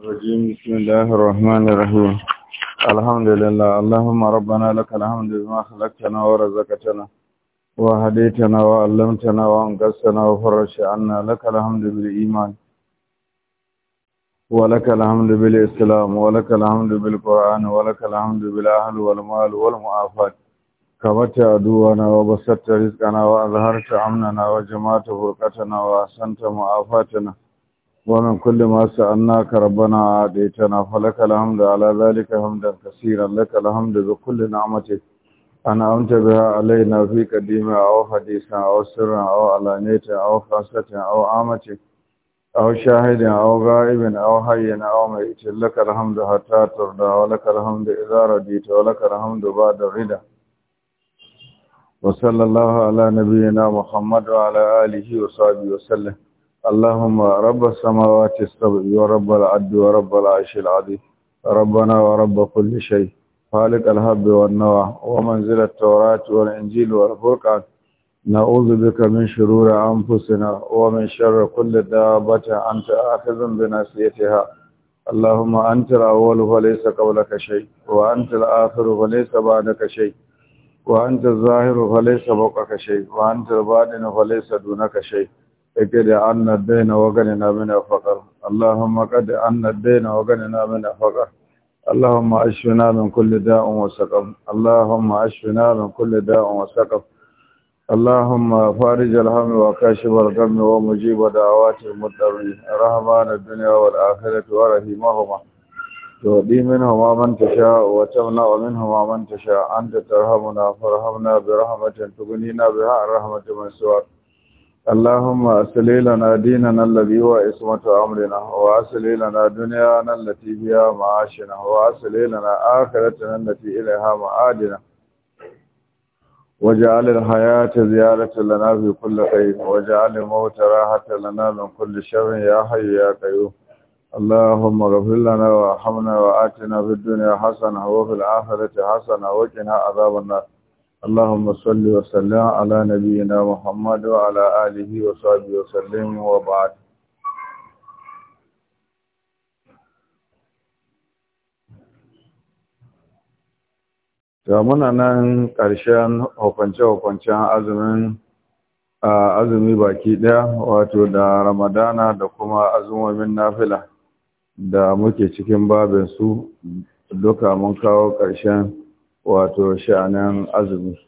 الرجيم بسم الله الرحمن الرحيم الحمد لله اللهم ربنا لك الحمد بما خلقتنا ورزقتنا وهديتنا وعلمتنا وانقذتنا وفرش عنا لك الحمد بالإيمان ولك الحمد بالإسلام ولك الحمد بالقرآن ولك الحمد بالأهل والمال والمعافات كبت عدونا وبسطت رزقنا وأظهرت أمننا وجمعت فرقتنا وأحسنت معافاتنا ومن كل ما سألناك ربنا عاديتنا فلك الحمد على ذلك حمدا كثيرا لك الحمد بكل نعمتك أنعمت بها علينا في قديمة أو حديثة أو سرة أو علانية أو خاصة أو عامة أو شاهد أو غائب أو حي أو ميت لك الحمد حتى ترضى ولك الحمد إذا رضيت ولك الحمد بعد غدا وصلى الله على نبينا محمد وعلى آله وصحبه وسلم اللهم رب السماوات السبع ورب العد ورب العرش العدي ربنا ورب كل شيء خالق الهب والنوى ومنزل التوراة والإنجيل والفرقان نعوذ بك من شرور أنفسنا ومن شر كل دابة أنت آخذ بناسيتها اللهم أنت الأول فليس قولك شيء وأنت الآخر فليس بعدك شيء وأنت الظاهر فليس فوقك شيء وأنت البادن فليس دونك شيء ekede anna deena waganina min afqar allahumma qad anna deena waganina min afqar allahumma ashfina min kulli da'in wa saqam allahumma ashfina min kulli da'in wa saqam allahumma farij alham wa kashif al-gham wa mujib da'awati al-muttaqin rahman ad-dunya wal akhirati wa rahimahuma tu'di minhum man tasha wa tawna wa minhum man tasha anta tarhamuna farhamna bi rahmatin tughnina biha ar-rahmatu min su'ati اللهم أسلي لنا ديننا الذي هو اسمة أمرنا وأسلي لنا دنيانا التي هي معاشنا وأسلي لنا آخرتنا التي إليها معادنا وجعل الحياة زيارة لنا في كل خير وجعل الموت راحة لنا من كل شر يا حي يا قيوم اللهم اغفر لنا وارحمنا وآتنا في الدنيا حسنة وفي الآخرة حسنة وقنا عذاب النار اللهم صل وسلم على نبينا محمد وعلى آله وصحبه وسلم وبعد muna nan ƙarshen hukunce-hukuncen azumin azumi baki ɗaya wato da ramadana da kuma azumomin nafila da muke cikin babinsu duka mun kawo ƙarshen wato sha'anin azumi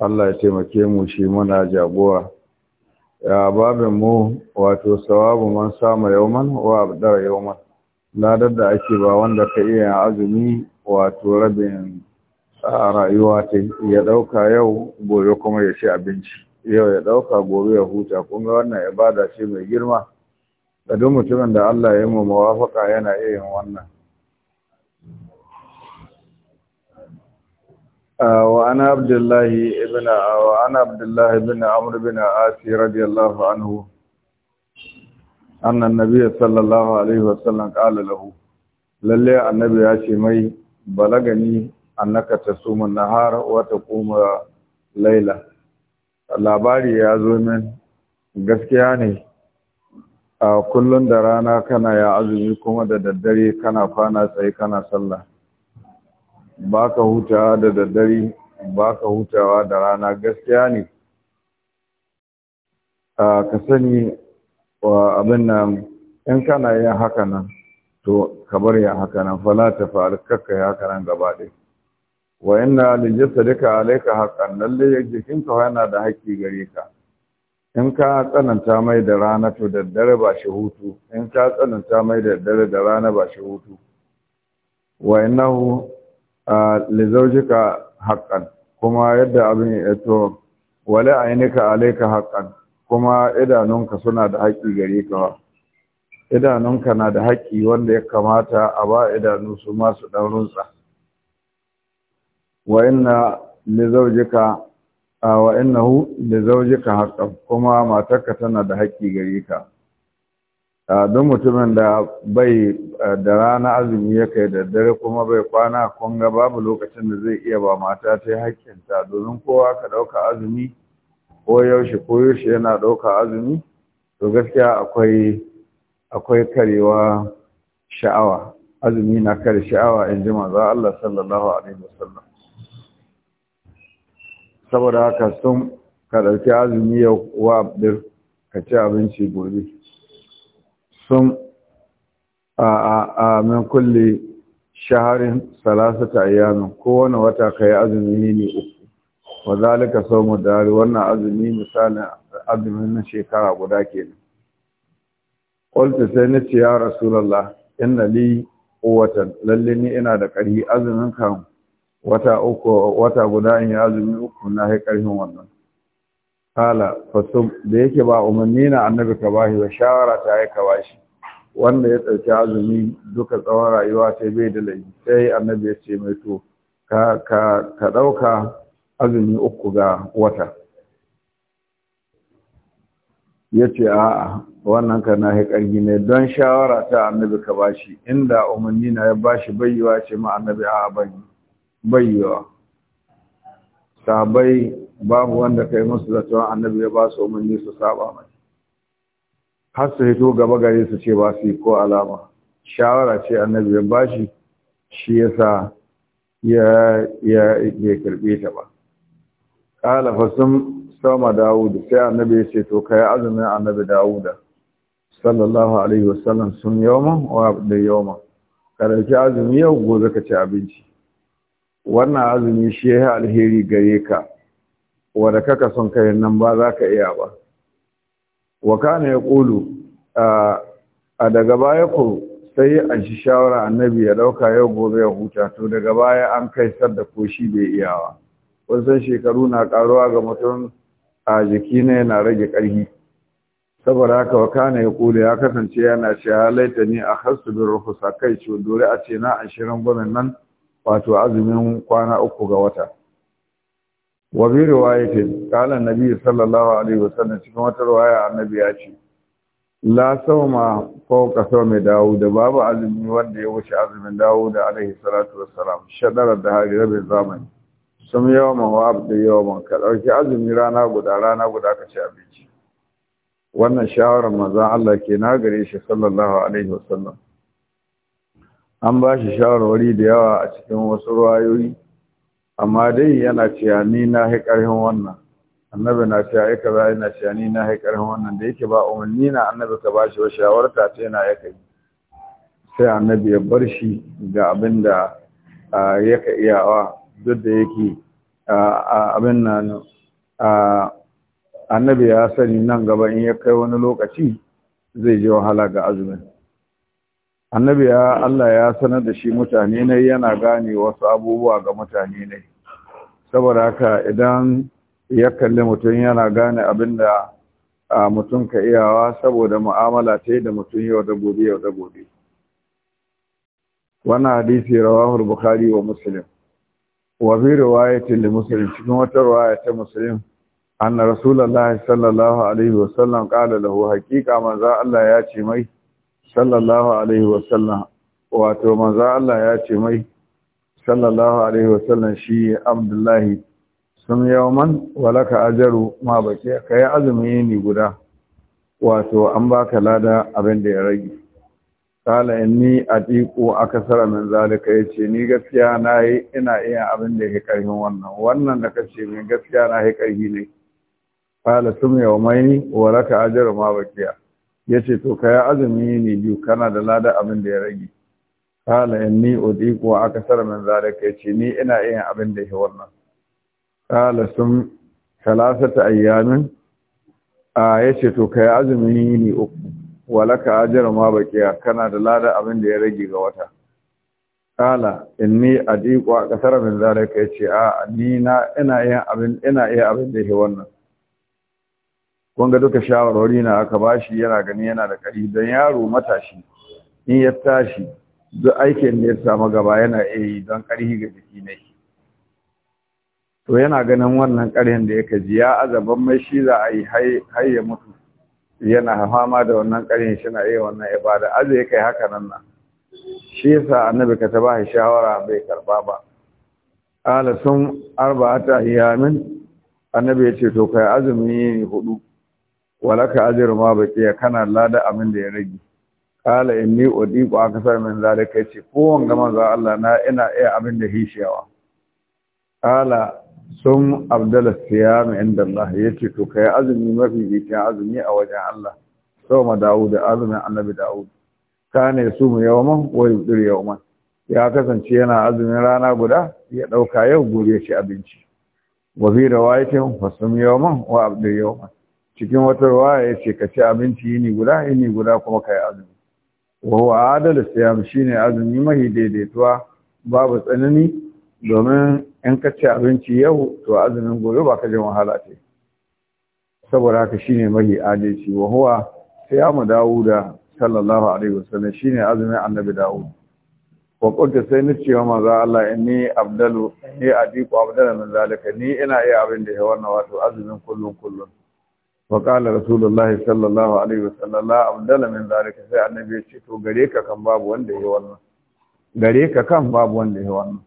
Allah ya taimake mu shi muna jagora ya babin mu wato sawabu man sama yauman wa abdar yawman ladar da ake ba wanda ka iya azumi wato rabin a rayuwa ta ya dauka yau gobe kuma ya ci abinci yau ya dauka gobe ya huta kun ga wannan ibada ce mai girma da duk mutumin da Allah ya yi mu muwafaka yana iya yin wannan وعن عبد الله ابن وعن عبد الله بن عمرو بن عاص رضي الله عنه أن النبي صلى الله عليه وسلم قال له للي النبي ياشي مي بلغني أنك تصوم النهار وتقوم ليلة labari ya zo min gaskiya ne a kullum da rana kana ya azumi kuma da daddare kana kwana tsaye kana sallah ba ka hutawa da daddare ba ka hutawa da rana gaskiya ne ka sani wa abin nan in kana yin haka nan to ka bar ya haka nan fala ta faru kakka ya haka nan gaba ɗaya wa inna lijista duka alaika haƙan lalle ka yana da haƙƙi gare ka in ka tsananta mai da rana to da dare ba shi hutu in ka tsananta mai da dare da rana ba shi hutu wa lizaujika haƙan kuma yadda abin to wala ainika alaika haqqan kuma idanunka suna da haƙƙi gare ka idanunka na da haƙƙi wanda ya kamata a ba idanu su masu ɗan runtsa wa inna lizaujika wa kuma matarka tana da haƙƙi gare ka don mutumin da bai eh, da rana azumi ya kai da dare kuma bai kwana kun ga babu lokacin da zai iya ba mata ta hakkinta domin kowa ka ɗauka azumi ko yaushe ko yaushe yana ɗauka azumi to gaskiya akwai akwai karewa sha'awa azumi na kare sha'awa in ji manzo Allah sallallahu alaihi wasallam saboda haka sun ka ɗauki azumi yau wa ka ci abinci gobe sun a min kulle shaharin salasata ayyamin kowane wata ka yi azumi ne uku wa zalika sau mu dari wannan azumi misalin azumin na shekara guda ke nan. ƙwalta sai na ce ya rasulallah inna li watan lalle ni ina da ƙarfi azumin kan wata uku wata guda in yi azumi uku na hai ƙarfin wannan kala fasub da yake ba umarni na annabi ka bashi ba shawara ta yi ka bashi wanda ya ɗauki azumi duka tsawon rayuwa sai bai da laifi sai annabi ya ce mai to ka ka ka ɗauka azumi uku ga wata ya ce a'a wannan ka na ƙarfi ne don shawara ta annabi ka bashi inda umarni na ya bashi bayyawa ce ma annabi a bayyawa sabai babu wanda kai musu cewa annabi ya ba su umarni su saba mai har su hito gaba gare su ce ba su yi ko alama shawara ce annabi ya ba shi shi ya ya ya karbe ta ba qala fa sun sama dawud sai annabi ya ce to kai azumin annabi dawuda sallallahu alaihi wasallam sun yawman wa da yawman karanci azumi yau gobe ka ci abinci wannan azumi shi ya yi alheri gare ka wanda kaka son kai nan ba za ka iya ba wa kana ya ƙulu a daga baya ku sai an shi shawara annabi ya ɗauka yau gobe ya huta to daga baya an kai sar koshi koshi bai iyawa san shekaru na ƙaruwa ga mutum a jiki na yana rage ƙarfi saboda haka wa kana ya ƙulu ya kasance yana ce laita ni a hasu bin rufusa kai ce dole a ce na ashirin gwamnan nan wato azumin kwana uku ga wata wa bi riwayati qala an-nabi sallallahu alaihi wasallam cikin wata riwaya annabi ya ce la sauma fawqa sawmi daud babu azumi wanda ya wuce azumin daud alaihi salatu wassalam shadara da hari rabin zamani sun yawma wa abda yawman ka dauki azumi rana guda rana guda ka ci abinci wannan shawarar manzo Allah ke na gare shi sallallahu alaihi wasallam an ba shi shawarwari da yawa a cikin wasu ruwayoyi amma dai yana cewa ni na hi ƙarfin wannan annabi na cewa ya kaza yana cewa ni na hi ƙarfin wannan da yake ba umarni na annabi ka ba shi wa shawarta ta yana ya kai sai annabi ya bar shi ga abin da ya ka iyawa duk da yake abin nan annabi ya sani nan gaba in ya kai wani lokaci zai je wahala ga azumin annabi ya Allah ya sanar da shi mutane ne yana gane wasu abubuwa ga mutane ne saboda haka idan ya kalli mutum yana gane abinda a mutum ka iyawa saboda mu'amala ta yi da mutum yau da gobe yau da gobe wannan hadisi rawahul bukhari wa muslim wa fi riwayatin li muslim cikin wata riwaya ta muslim anna rasulullahi sallallahu alaihi wasallam qala lahu haqiqa za Allah ya ce mai sallallahu alaihi wasallam wato manzo Allah ya ce mai sallallahu alaihi wasallam shi Abdullahi sun yawman walaka ajaru ma baki kai azumi ne guda wato an baka lada abin da ya rage kala inni atiqu akasara min zalika yace ni gaskiya nayi ina iya abin da yake karfin wannan wannan da kace min gaskiya na yi karfi ne kala sum yawmaini walaka ajaru ma baqiya ya ce to ka yi azumi ne biyu kana da lada abin da ya rage kala in ni odiku wa aka sara min zalika ka ce ni ina yin abin da ya wannan kala sun ta ayyamin a ya ce to ka yi azumi ne uku walaka ajiyar ma bakiya kana da lada abin da ya rage ga wata kala in ni adiqu a kasar min zalika yace a ni na ina yin abin ina iya abin da yake wannan wanga duka shawarwari na aka bashi yana gani yana da kari don yaro matashi in ya tashi duk aikin da ya samu gaba yana iya yi don ƙarhi ga jiki ne to yana ganin wannan karhin da yake ji ya azaban mai shi za a yi har ya mutu yana fama da wannan karhin shi na iya wannan ibada azu ya kai haka nan nan shi yasa annabi ka ta bashi shawara bai karba ba ala sun arba'ata ayyamin annabi ya ce to kai azumi hudu walaka ajiru ma baqiya kana lada amin da ya rage kala inni aka sa min zalika ce, ko wanga manzo Allah na ina iya amin da hishiyawa kala sun abdala siyam inda Allah yace to kai azumi mafi yake azumi a wajen Allah ma Dawud azumin annabi Dawud kana yasumu yawman wa yudir yawman ya kasance yana azumin rana guda ya dauka yau gobe shi abinci wa fi riwayatin fasum yawman wa abdir yawman cikin wata ruwa ya ce ka ci abinci ni guda ni guda kuma ka yi azumi wa huwa adalu siyam shine azumi mahi daidaituwa babu tsanani domin in ka ci abinci yau to azumin gobe ba ka jin wahala ce saboda haka shine mahi adalci wa huwa siyamu dawuda sallallahu alaihi wasallam shine azumin annabi dawud wa kunta sai ni cewa maza Allah inni abdalu ni adiku abdalu min zalika ni ina iya abin da ya wannan wato azumin kullun kullun wa qala rasulullahi sallallahu alaihi wasallam la abdala min sai annabi to gare ka babu wanda ya wannan gare ka babu wanda ya wannan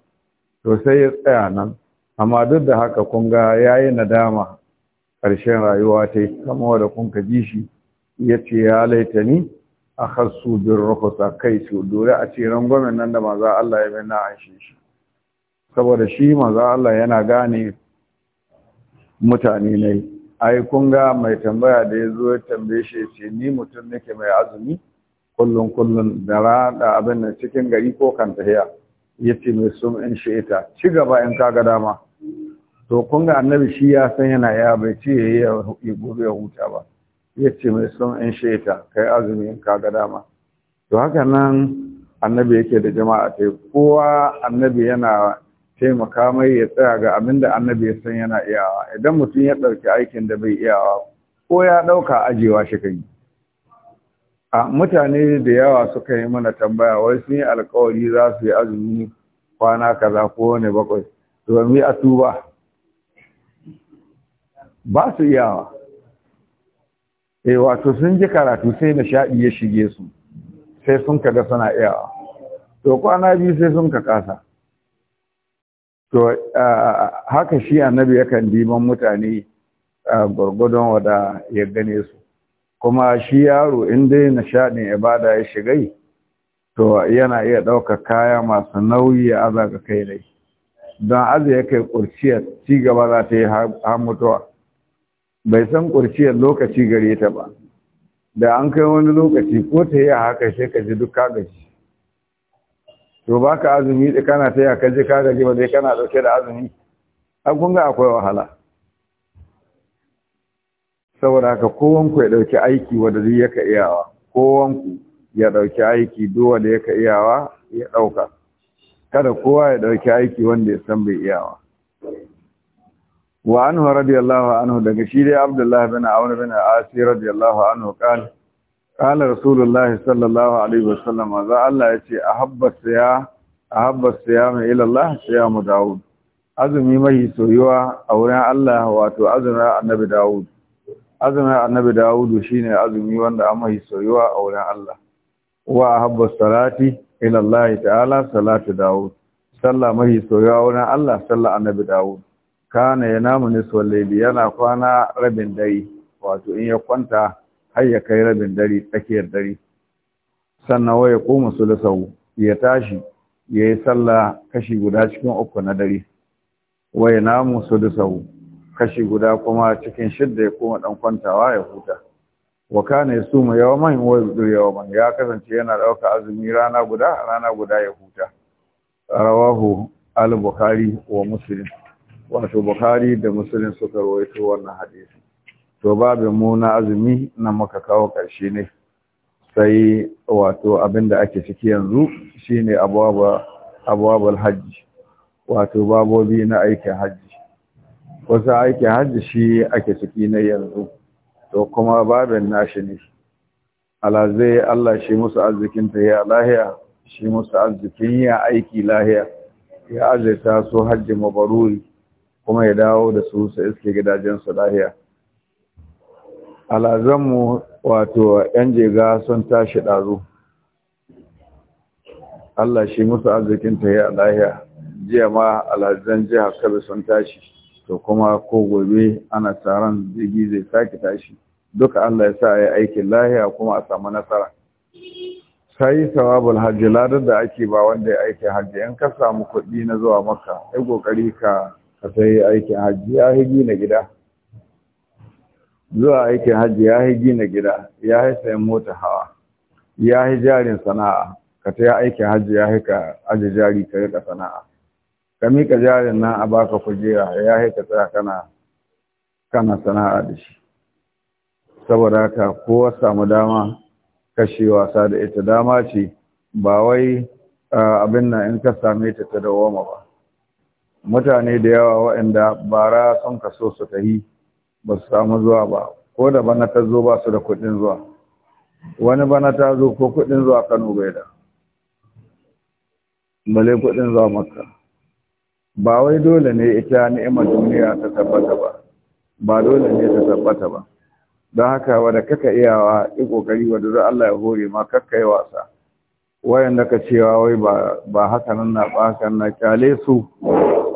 to sai ya tsaya nan amma duk da haka kun ga yayi nadama ƙarshen rayuwa ta yi kama wadda kun ka ji shi ya ce ya laita a hasu bin rukusa kai su dole a ce rangwamen nan da maza Allah ya bai na an shi shi saboda shi maza Allah yana gane mutane ne ai kunga mai tambaya da ya zo ya tambaye shi ce ni mutum nake mai azumi kullum kullum da rada abin nan cikin gari ko kan tahiya ya mai sun in shi ita ci gaba in kaga dama to kun annabi shi ya san yana ya bai ce ya yi gobe ya huta ba Yace mai sun in shi ita kai azumi in kaga dama to haka nan annabi yake da jama'a ta kowa annabi yana taimaka mai ya tsaya ga abin da annabi ya san yana iyawa idan mutum ya ɗauki aikin da bai iyawa ko ya ɗauka ajewa shi kan yi a mutane da yawa suka yi mana tambaya wai sun yi alkawari za su yi azumi kwana kaza ko wani bakwai to mi a tuba ba su iyawa eh wato sun ji karatu sai nishaɗi ya shige su sai sun kaga suna iyawa to kwana biyu sai sun ka kasa to haka shi annabi yakan diban mutane gwargwadon wada ya gane su kuma shi yaro in dai nishaɗin ibada ya shigai to yana iya ɗauka kaya masu nauyi a aza kai dai don aza ya kai ƙurciyar ci gaba za ta yi har mutuwa bai san ƙurciyar lokaci gare ta ba da an kai wani lokaci ko ta yi a haka sai ka ji duk ka gaji to ka azumi da kana ta yaka je ka gaji ba dai kana dauke da azumi an kunga akwai wahala saboda haka kowanku ya dauki aiki wanda zai yaka iyawa kowanku ya dauki aiki duwa da yaka iyawa ya dauka kada kowa ya dauki aiki wanda ya san bai iyawa wa anhu radiyallahu anhu daga shi dai abdullahi bin auna bin asir radiyallahu anhu qala Ƙala Rasulullahi sallallahu Alaihi wasallama za Allah ya ce, A habbar siya mai ilallah siya mu Dawud, azumi mahi soyuwa a wurin Allah wato azumin annabi Dawud. Azumin annabi Dawud shi ne azumi wanda an mahi soyuwa a wurin Allah. Wa a habbar salati ilallahi ta'ala salatu Dawud, sallah mahi soyuwa a wurin Allah sallah annabi Dawud. Kana ya namu niswar yana kwana rabin dare, wato in ya kwanta har ya kai rabin dare tsakiyar dare sannan waya koma sulasau ya tashi ya yi sallah kashi guda cikin uku na dare waya namu sulasau kashi guda kuma cikin shidda ya koma dan kwantawa ya huta wa kana yasumu yawman wa yudur yawman ya kasance yana dauka azumi rana guda rana guda ya huta rawahu al-bukhari wa muslim wato bukhari da muslim suka rawaito wannan hadisi to babu mu na azumi nan muka kawo ƙarshe ne sai wato abinda ake ciki yanzu shine abwaba abwabul hajji wato babobi na aikin hajji wasu aikin hajji shi ake ciki na yanzu to kuma babin nashi ne alazai Allah shi musu arzikin ta ya lahiya shi musu arzikin ya aiki lahiya ya azaita su hajji mabaruri kuma ya dawo da su su iske gidajensu lahiya alazanmu wato ‘yan jega sun tashi ɗazu Allah shi musu arzikin ta yi a lahiya jiya ma alhazan jiha kada sun tashi to kuma ko gobe ana taron jirgi zai sake tashi duka Allah ya sa a yi aikin lahiya kuma a samu nasara sai sawabul hajji ladar da ake ba wanda ya aiki hajji in ka samu kuɗi na zuwa maka ya ƙoƙari ka ka sai aikin hajji ya higi na gida zuwa aikin hajji ya yi gina gida ya yi sayan mota hawa ya yi jarin sana'a ka ta ya aikin hajji ya yi ka aji jari ka rika sana'a ka mika jarin nan a baka kujera ya yi ka tsaya kana sana'a da shi saboda haka kowa samu dama kashe wasa da ita dama ce ba wai abin nan in ka same ta ta dawoma ba mutane da yawa waɗanda bara son ka so su yi ba su samu zuwa ba ko da bana ta zo ba su da kuɗin zuwa wani bana ta zo ko kuɗin zuwa kano bai da bale kuɗin zuwa makka ba wai dole ne ita ni'imar duniya ta tabbata ba ba dole ne ta tabbata ba don haka wadda kaka iyawa yi kokari wadda za Allah ya hore ma kaka yi wasa da ka cewa wai ba hakanan na ba haka na kyale su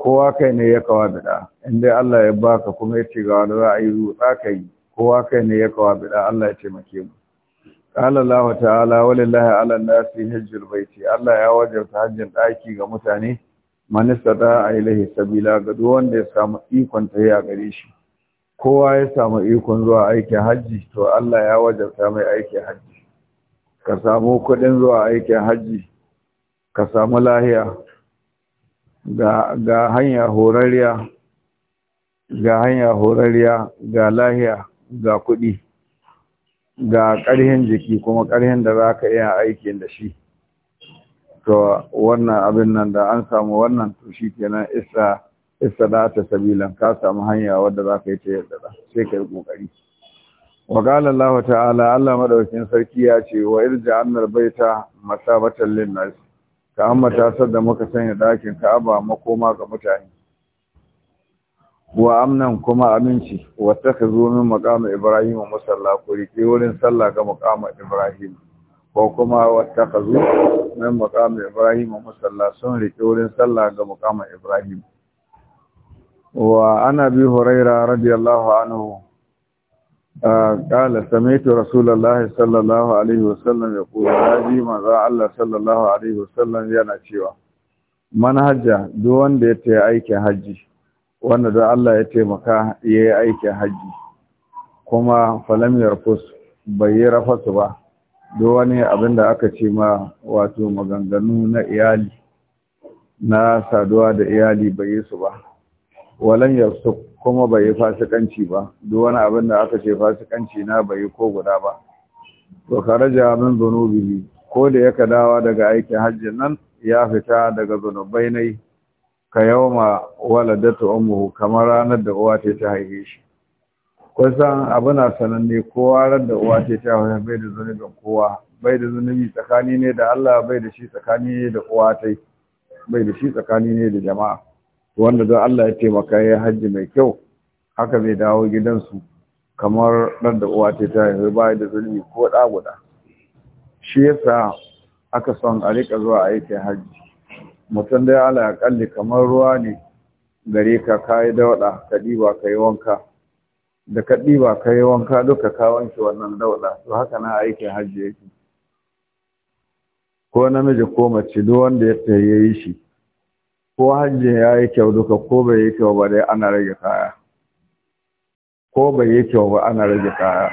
kowa kai ne ya kawa bida in dai Allah ya baka kuma ya ce ga wani ra'ayi rutsa ka yi kowa kai ne ya kawa bida Allah ya taimake mu qala Allah ta'ala walillahi 'ala an-nasi hajjul baiti Allah ya wajabta hajjin daki ga mutane man istata lahi sabila ga duk wanda ya samu ikon ta ya gare shi kowa ya samu ikon zuwa aikin hajji to Allah ya wajabta mai aikin hajji ka samu kuɗin zuwa aikin hajji ka samu lahiya ga hanya horariya ga hanya horariya ga lahiya ga kuɗi ga ƙarhin jiki kuma ƙarhin da za ka iya aiki da shi to wannan abin nan da an samu wannan to shi kenan isa isa da ta sabilan ka samu hanya wadda za ka yi ta yadda da sai ka yi ƙoƙari wa ƙala Allah ta'ala Allah maɗaukin sarki ya ce wa bai ta masabatan lin nas ka ambata sadda muka sanya dakin ka'aba makoma ga mutane wa amnan kuma aminci wata ka zo min makamu ibrahim musalla ku rike wurin sallah ga makamu ibrahim ko kuma wata ka zo min makamu ibrahim musalla sun rike wurin sallah ga makamu ibrahim wa ana bi huraira radiyallahu anhu قال سمعت رسول الله صلى الله عليه وسلم يقول هذه ماذا الله صلى الله عليه وسلم yana cewa man hajja duk wanda ya tayi aikin haji wanda da Allah ya taimaka yayi aikin haji kuma falam yarfus bai yi rafasu ba duk wani abin da aka ce ma wato maganganu na iyali na saduwa da iyali bai yi su ba walan yafsuq kuma bai yi fasikanci ba duk wani abin da aka ce fasikanci na bai yi ko guda ba to karaja min dhunubihi ko da yaka dawa daga aikin hajji nan ya fita daga zunubai nai ka yawma waladatu ummuhu kamar ranar da uwa ta ta haife shi kusan abu na sananne kowa ran da uwa ta ta haife bai da zunubin kowa bai da zunubi tsakani ne da Allah bai da shi tsakani ne da uwa ta bai da shi tsakani ne da jama'a wanda don Allah ya taimaka ya hajji mai kyau haka zai dawo gidansu kamar ɗan da uwa ta ba yi da zulmi ko ɗa guda shi ya sa aka son a rika zuwa aikin hajji mutum dai ala ya kalli kamar ruwa ne gare ka kayi dauɗa ka ɗiba ka yi wanka da ka ɗiba ka yi wanka duka ka wanke wannan dauɗa to haka na aikin hajji yake ko namiji ko mace duk wanda ya yi shi ko Hajji ya yi kyau duka ko bai yi kyau ba dai ana rage kaya ko bai yi kyau ba ana rage kaya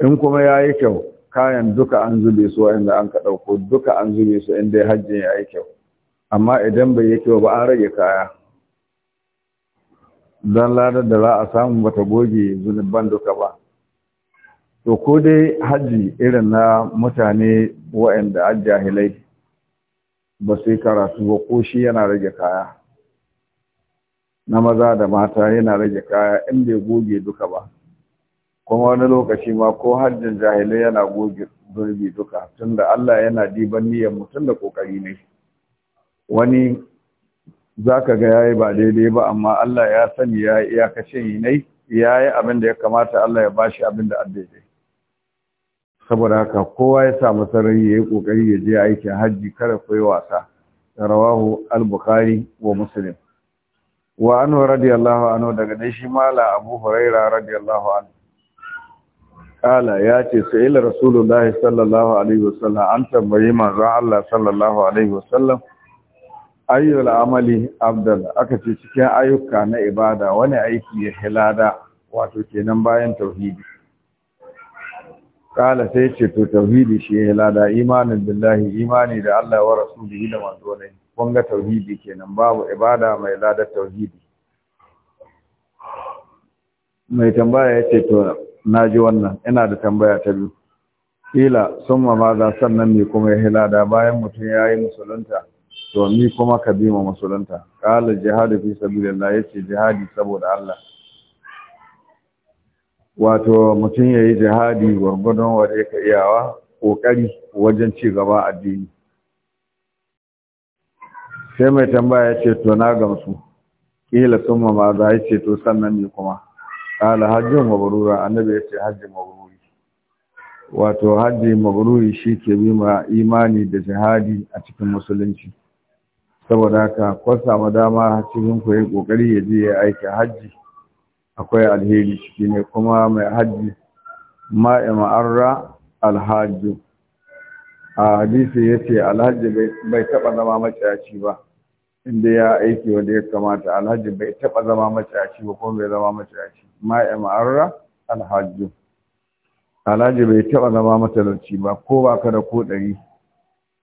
in kuma ya yi kyau kayan duka an zube su inda an ka ɗauko duka an zube su inda Hajji ya yi kyau amma idan bai yi kyau ba an rage kaya don ladar da za a samu bata goge zunuban duka ba to ko dai hajji irin na mutane waɗanda jahilai. ba sai karatu ba ko shi yana rage kaya na maza da mata yana rage kaya in bai goge duka ba kuma wani lokaci ma ko hajjin jahilai yana goge zurbi duka tunda Allah yana diban niyyar mutum da kokari ne wani za zaka ga yi ba daidai ba amma Allah ya sani ya iyakacin yi ne yi abin da ya kamata Allah ya bashi abin da daidai saboda haka kowa ya samu sarari ya yi ƙoƙari ya je aikin hajji kada ku yi wasa rawahu al-bukhari wa muslim wa anhu radiyallahu anhu daga dai shi mala abu huraira radiyallahu anhu kala ya ce la rasulullahi sallallahu alaihi wasallam an tambayi manzon Allah sallallahu alaihi wasallam al amali afdal aka ce cikin ayyuka na ibada wani aiki ya hilada wato kenan bayan tauhidi kala sai ce to tauhidi shi ya lada imanin billahi imani da Allah wa rasulihi da manzo ne kun ga tauhidi kenan babu ibada mai lada tauhidi mai tambaya ya ce to naji wannan ina da tambaya ta biyu kila sunma ma za sannan me kuma ya lada bayan mutum yayi musulunta to ni kuma ka bi ma musulunta kala jihadu fi sabilillah yace jihadi saboda Allah wato mutum ya yi jihadi gwargwadon wadda ka iyawa ƙoƙari wajen ci gaba addini sai mai tambaya ce to na gamsu ƙila sun ma maza ya ce to sannan ne kuma kala hajjin mabarura annabi ya ce hajjin mabaruri wato hajji mabaruri shi ke bi ma imani da jihadi a cikin musulunci saboda haka kwasa dama cikin ku yi ƙoƙari ya je ya aiki hajji akwai alheri ciki ne kuma mai hajji ma'a ma'arra alhajju a hadisi ya ce alhaji bai taɓa zama maciyaci ba inda ya aiki wanda ya kamata alhaji bai taɓa zama maciyaci ba kuma bai zama maciyaci ma'a ma'arra alhajju alhaji bai taɓa zama matalauci ba ko ba ka da ko ɗari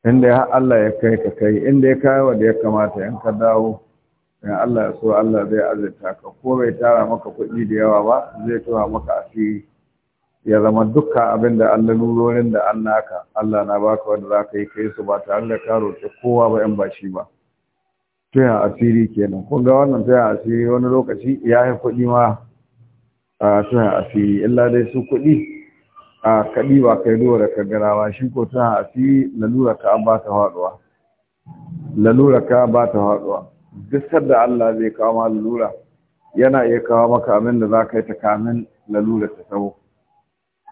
inda ya Allah ya kai ka kai inda ya kawo da ya kamata in ka dawo in Allah ya so Allah zai azurta ka ko bai tara maka kuɗi da yawa ba zai tura maka asiri ya zama dukka abinda da Allah nurorin da an naka Allah na baka wanda za ka yi kai su ba tare da ka roƙi kowa ba in ba shi ba tuya asiri kenan kun ga wannan tuya asiri wani lokaci ya yi kuɗi ma a tuya asiri illa dai su kuɗi a kaɗi ba kai ruwa da garawa shi ko tuya asiri lalura ka ba ta faɗuwa lalura ka ba ta faɗuwa duk sadda Allah zai kawo ma lalura yana iya kawo maka abin da za ka yi ta kamin lalura ta tawo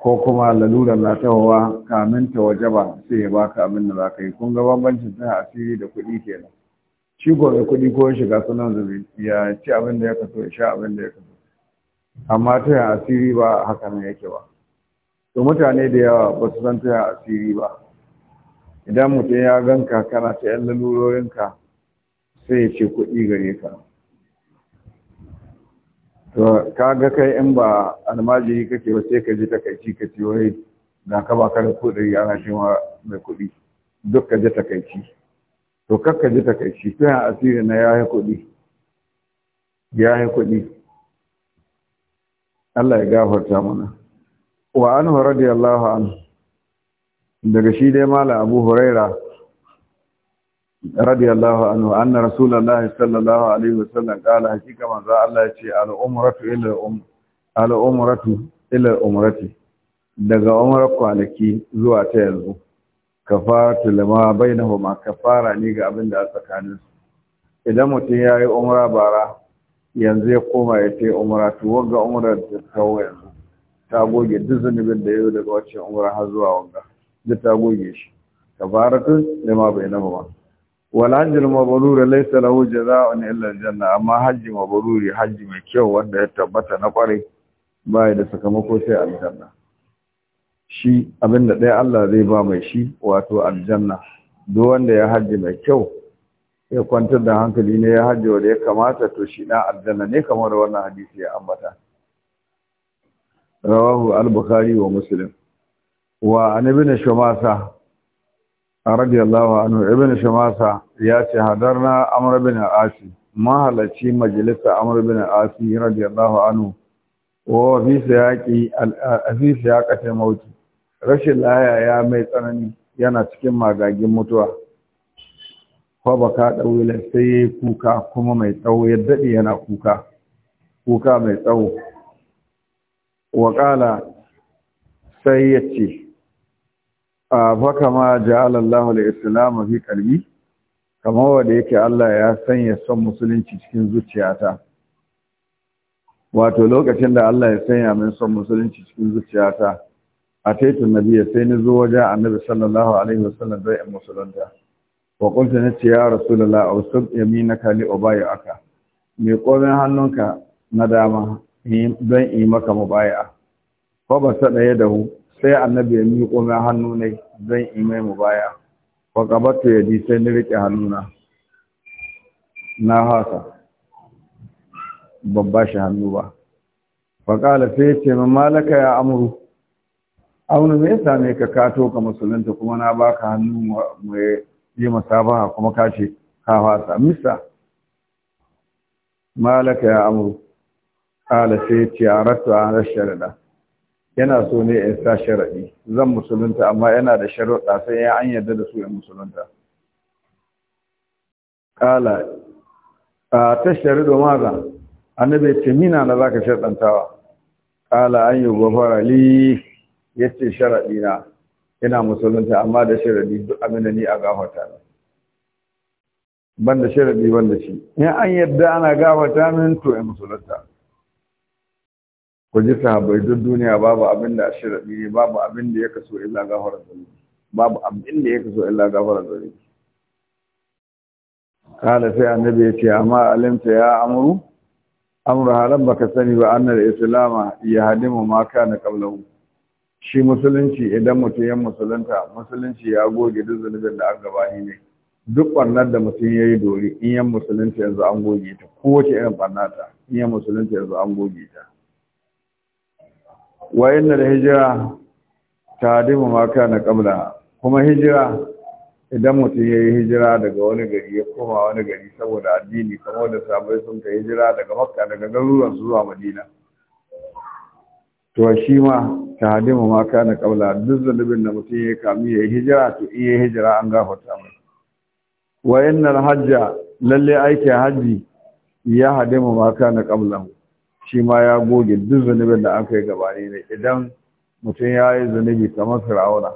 ko kuma lalura na tawowa kamin ta waje ba sai ya baka abin da za ka yi kun ga bambancin ta asiri da kuɗi kenan shi gobe kuɗi ko shiga sunan zubi ya ci abin da ya kaso ya sha abin da ya kaso amma ta asiri ba haka ne yake ba to mutane da yawa ba su san ta asiri ba idan mutum ya ganka kana ta yan lalurorinka sai ya ce kuɗi gare ka to ka ga kai in ba almajiri kake ba sai ka ji takaici ka ce wai da ka ba ka da kuɗi ana cewa mai kuɗi duk ka ji takaici to ka ji takaici Sai yan asiri na yayi kuɗi yayi kuɗi Allah ya gafarta mana wa anhu radiyallahu anhu daga shi dai malam abu huraira رضي الله عنه أن رسول الله صلى الله عليه وسلم قال حقيقة من ذا الله يتي على أمرة إلى أم على أمرة إلى أمرتي daga umar kwanaki zuwa ta yanzu kafaratu lama bainahuma kafara ne ga abin da a tsakanin su idan mutum ya yi umra bara yanzu ya koma ya ta umra to wanga umra da ta yanzu ta goge duk zunubin da ya yau daga wacce umra har zuwa wanga duk ta goge shi kafaratu lama bainahuma wal mabaruri laisa laysa lahu jaza'un illa aljanna janna amma hajji mabaruri hajji mai kyau wanda ya tabbata na kware ba da sakamako sai aljanna shi abinda ɗaya Allah zai ba mai shi wato aljanna duk wanda ya hajji mai kyau ya kwantar da hankali ne ya hajji wanda ya kamata to shi na aljanna ne kamar wannan hadisi ya ambata rawahu al-bukhari wa muslim wa an na shumasa radiyallahu anhu ibn shamasa ya ce hadarna amr bin asi mahalarci majalisa amr bin asi radiyallahu anhu wa fi siyaqi fi siyaqati rashin laya ya mai tsanani yana cikin magagin mutuwa fa sai dawila sai kuka kuma mai tsawo ya dade yana kuka kuka mai tsawo Wakala qala sai yace fakama ja'ala Allahu al-islam fi qalbi kamar wanda yake Allah ya sanya son musulunci cikin zuciyata wato lokacin da Allah ya sanya min son musulunci cikin zuciyata a taitun ya sai ni zo wajen annabi sallallahu alaihi wasallam zai in musulunta wa qultu ce ya rasulullah ausub yaminaka li ubayaka me komin hannunka na dama don yi maka mubaya'a fa ba sa da hu sai annabi ya miƙo min hannu ne zan yi mai mu baya fa qabatu yadi sai ni rike hannuna na haka babba shi hannu ba fa qala sai ya ce malaka ya amru auna me yasa ne ka kato ka musulunta kuma na baka hannu mu yi masabaha kuma ka ce ka fasa misa malaka ya amru qala sai ya ce aratu an rashada yana so ne in sa sharaɗi zan musulunta amma yana da sharuɗa sai ya an yarda da su in musulunta kala a ta sharido maza annabi ce mina na zaka sharɗantawa kala an yi gofara li ce sharaɗi na ina musulunta amma da sharaɗi duk amina ni a gafata ne ban da sharaɗi ban da shi in an yarda ana gafata min to in musulunta ku ji sahabai duk duniya babu abin da ashirabi ne babu abin da ya kaso illa gafara zuri babu abin da ya kaso illa gafara zuri kala sai annabi ya ce amma alimta ya amuru amuru halar baka sani ba annar islama ya hadimu ma kana qablahu shi musulunci idan mutum ya musulunta musulunci ya goge duk zunubin da an gabani ne duk barnar da mutum ya yi dori in yan musulunci yanzu an goge ta kowace irin barna ta in yan musulunci yanzu an goge ta wa inna al hijira ta ma maka na kuma hijira idan mutum yayi yi hijira daga wani gari ya koma wani gari saboda addini kamar da sabai sun ka hijira daga makka daga garuruwan zuwa madina to shi ma ta ma maka na kabla duk zalibin da mutum ya kami ya yi to iya hijra an gafarta mai wa inna hajja lalle aikin hajji ya hadima maka na qablahu shi ma ya goge duk zunubin da aka yi gabani ne idan mutum ya yi zunubi kamar fir'auna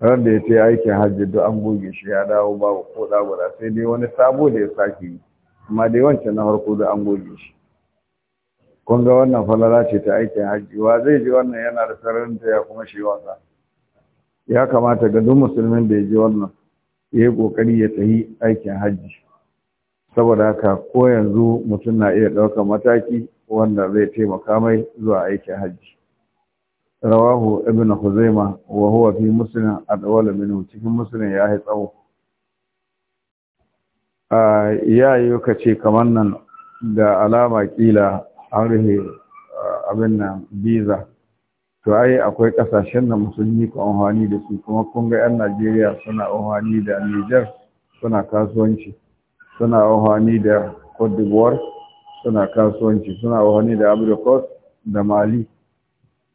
ran da ya ce aikin hajji duk an goge shi ya dawo babu ko da guda sai dai wani sabo da ya sake yi amma dai wancan na farko da an goge shi kun ga wannan falala ce ta aikin hajji wa zai ji wannan yana da sararin ya kuma shi wasa ya kamata ga duk musulmin da ya ji wannan ya yi kokari ya tsayi aikin hajji saboda haka ko yanzu mutum na iya ɗaukar mataki wanda zai taimaka mai zuwa aikin hajji rawahu ibn huzaima wa huwa fi muslim adwala minhu cikin muslim ya yi tsawo ya yi ce kamar nan da alama ƙila an rufe abin nan biza to ai akwai kasashen da musulmi ko amfani da su kuma kun 'yan najeriya suna amfani da niger suna kasuwanci suna wahani da Cote d'Ivoire suna kasuwanci suna wahani da Abrikos da Mali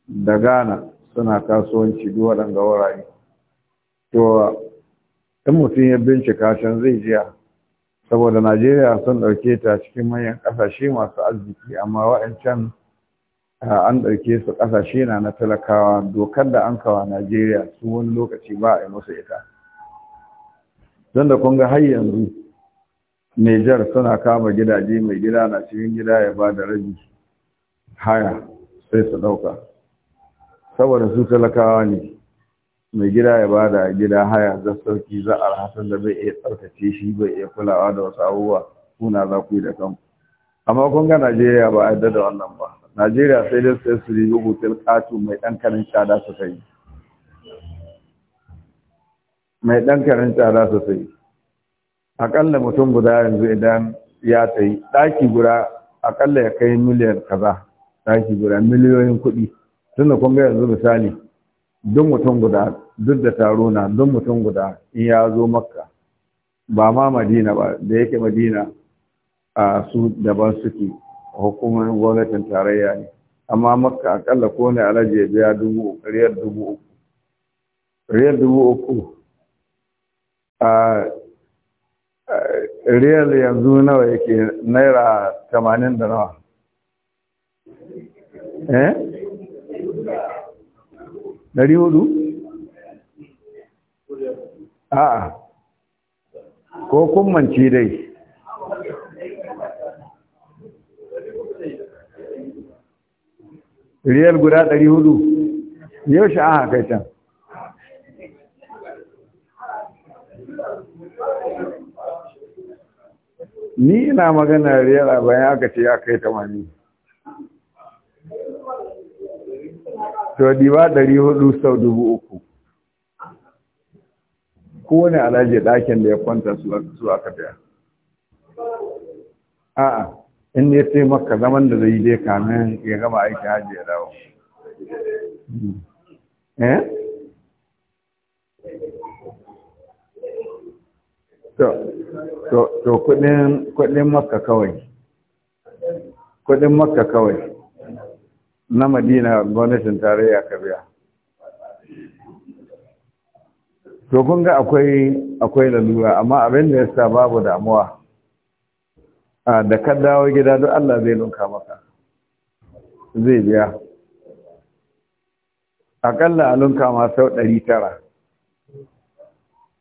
da Ghana suna kasuwanci duk waɗanda wurare. To, in mutum ya bincika can zai jiya, saboda Najeriya sun ɗauke ta cikin manyan ƙasashe masu arziki, amma wa'ancan an ɗauke su ƙasashe na na talakawa dokar da an kawa Najeriya su wani lokaci ba a yi musu ita. Don da kun ga har yanzu Nijar suna kama gidaje mai gida na cikin gida ya ba da rabi haya sai su ɗauka. Saboda su talakawa ne, mai gida ya ba da gida haya za sauki za a rahatar da bai iya tsarkace shi bai iya kulawa da wasu abubuwa kuna za ku yi da kanku. Amma kun ga Najeriya ba a yadda da wannan ba. Najeriya sai dai sai su ribi hotel ƙato mai ɗan tsada su kai. Mai ɗan karin tsada su sai. akalla mutum guda yanzu idan ya tsayi ɗaki guda akalla ya kai miliyan kaza ɗaki guda miliyoyin kuɗi tunda kun ga yanzu misali duk mutum guda duk da taro na duk mutum guda in ya zo makka ba ma madina ba da yake madina a su daban suke hukumar gwamnatin tarayya ne amma makka akalla ko ne alaji ya biya dubu riyar dubu uku riyar dubu uku a riyal yanzu nawa yake naira tamanin da nawa eh dari hudu a'a ko manci dai riyal guda dari hudu yau sha'aha kai can ni ina magana a bayan aka ce ya kai tamanin to diba ɗari hudu sau dubu uku kowane alaji ɗakin da ya kwanta su aka biya a'a in ya ce maka zaman da zai dai kamin ya gama aiki hajji ya dawo hmm. eh? to kudin makka kawai kudin makka kawai na madina gwamnatin tarayya ka biya to kun ga akwai lalura amma abin da ya sa babu damuwa da ka dawo gida duk Allah zai lunka maka zai biya aƙalla a lunka ma sau ɗari tara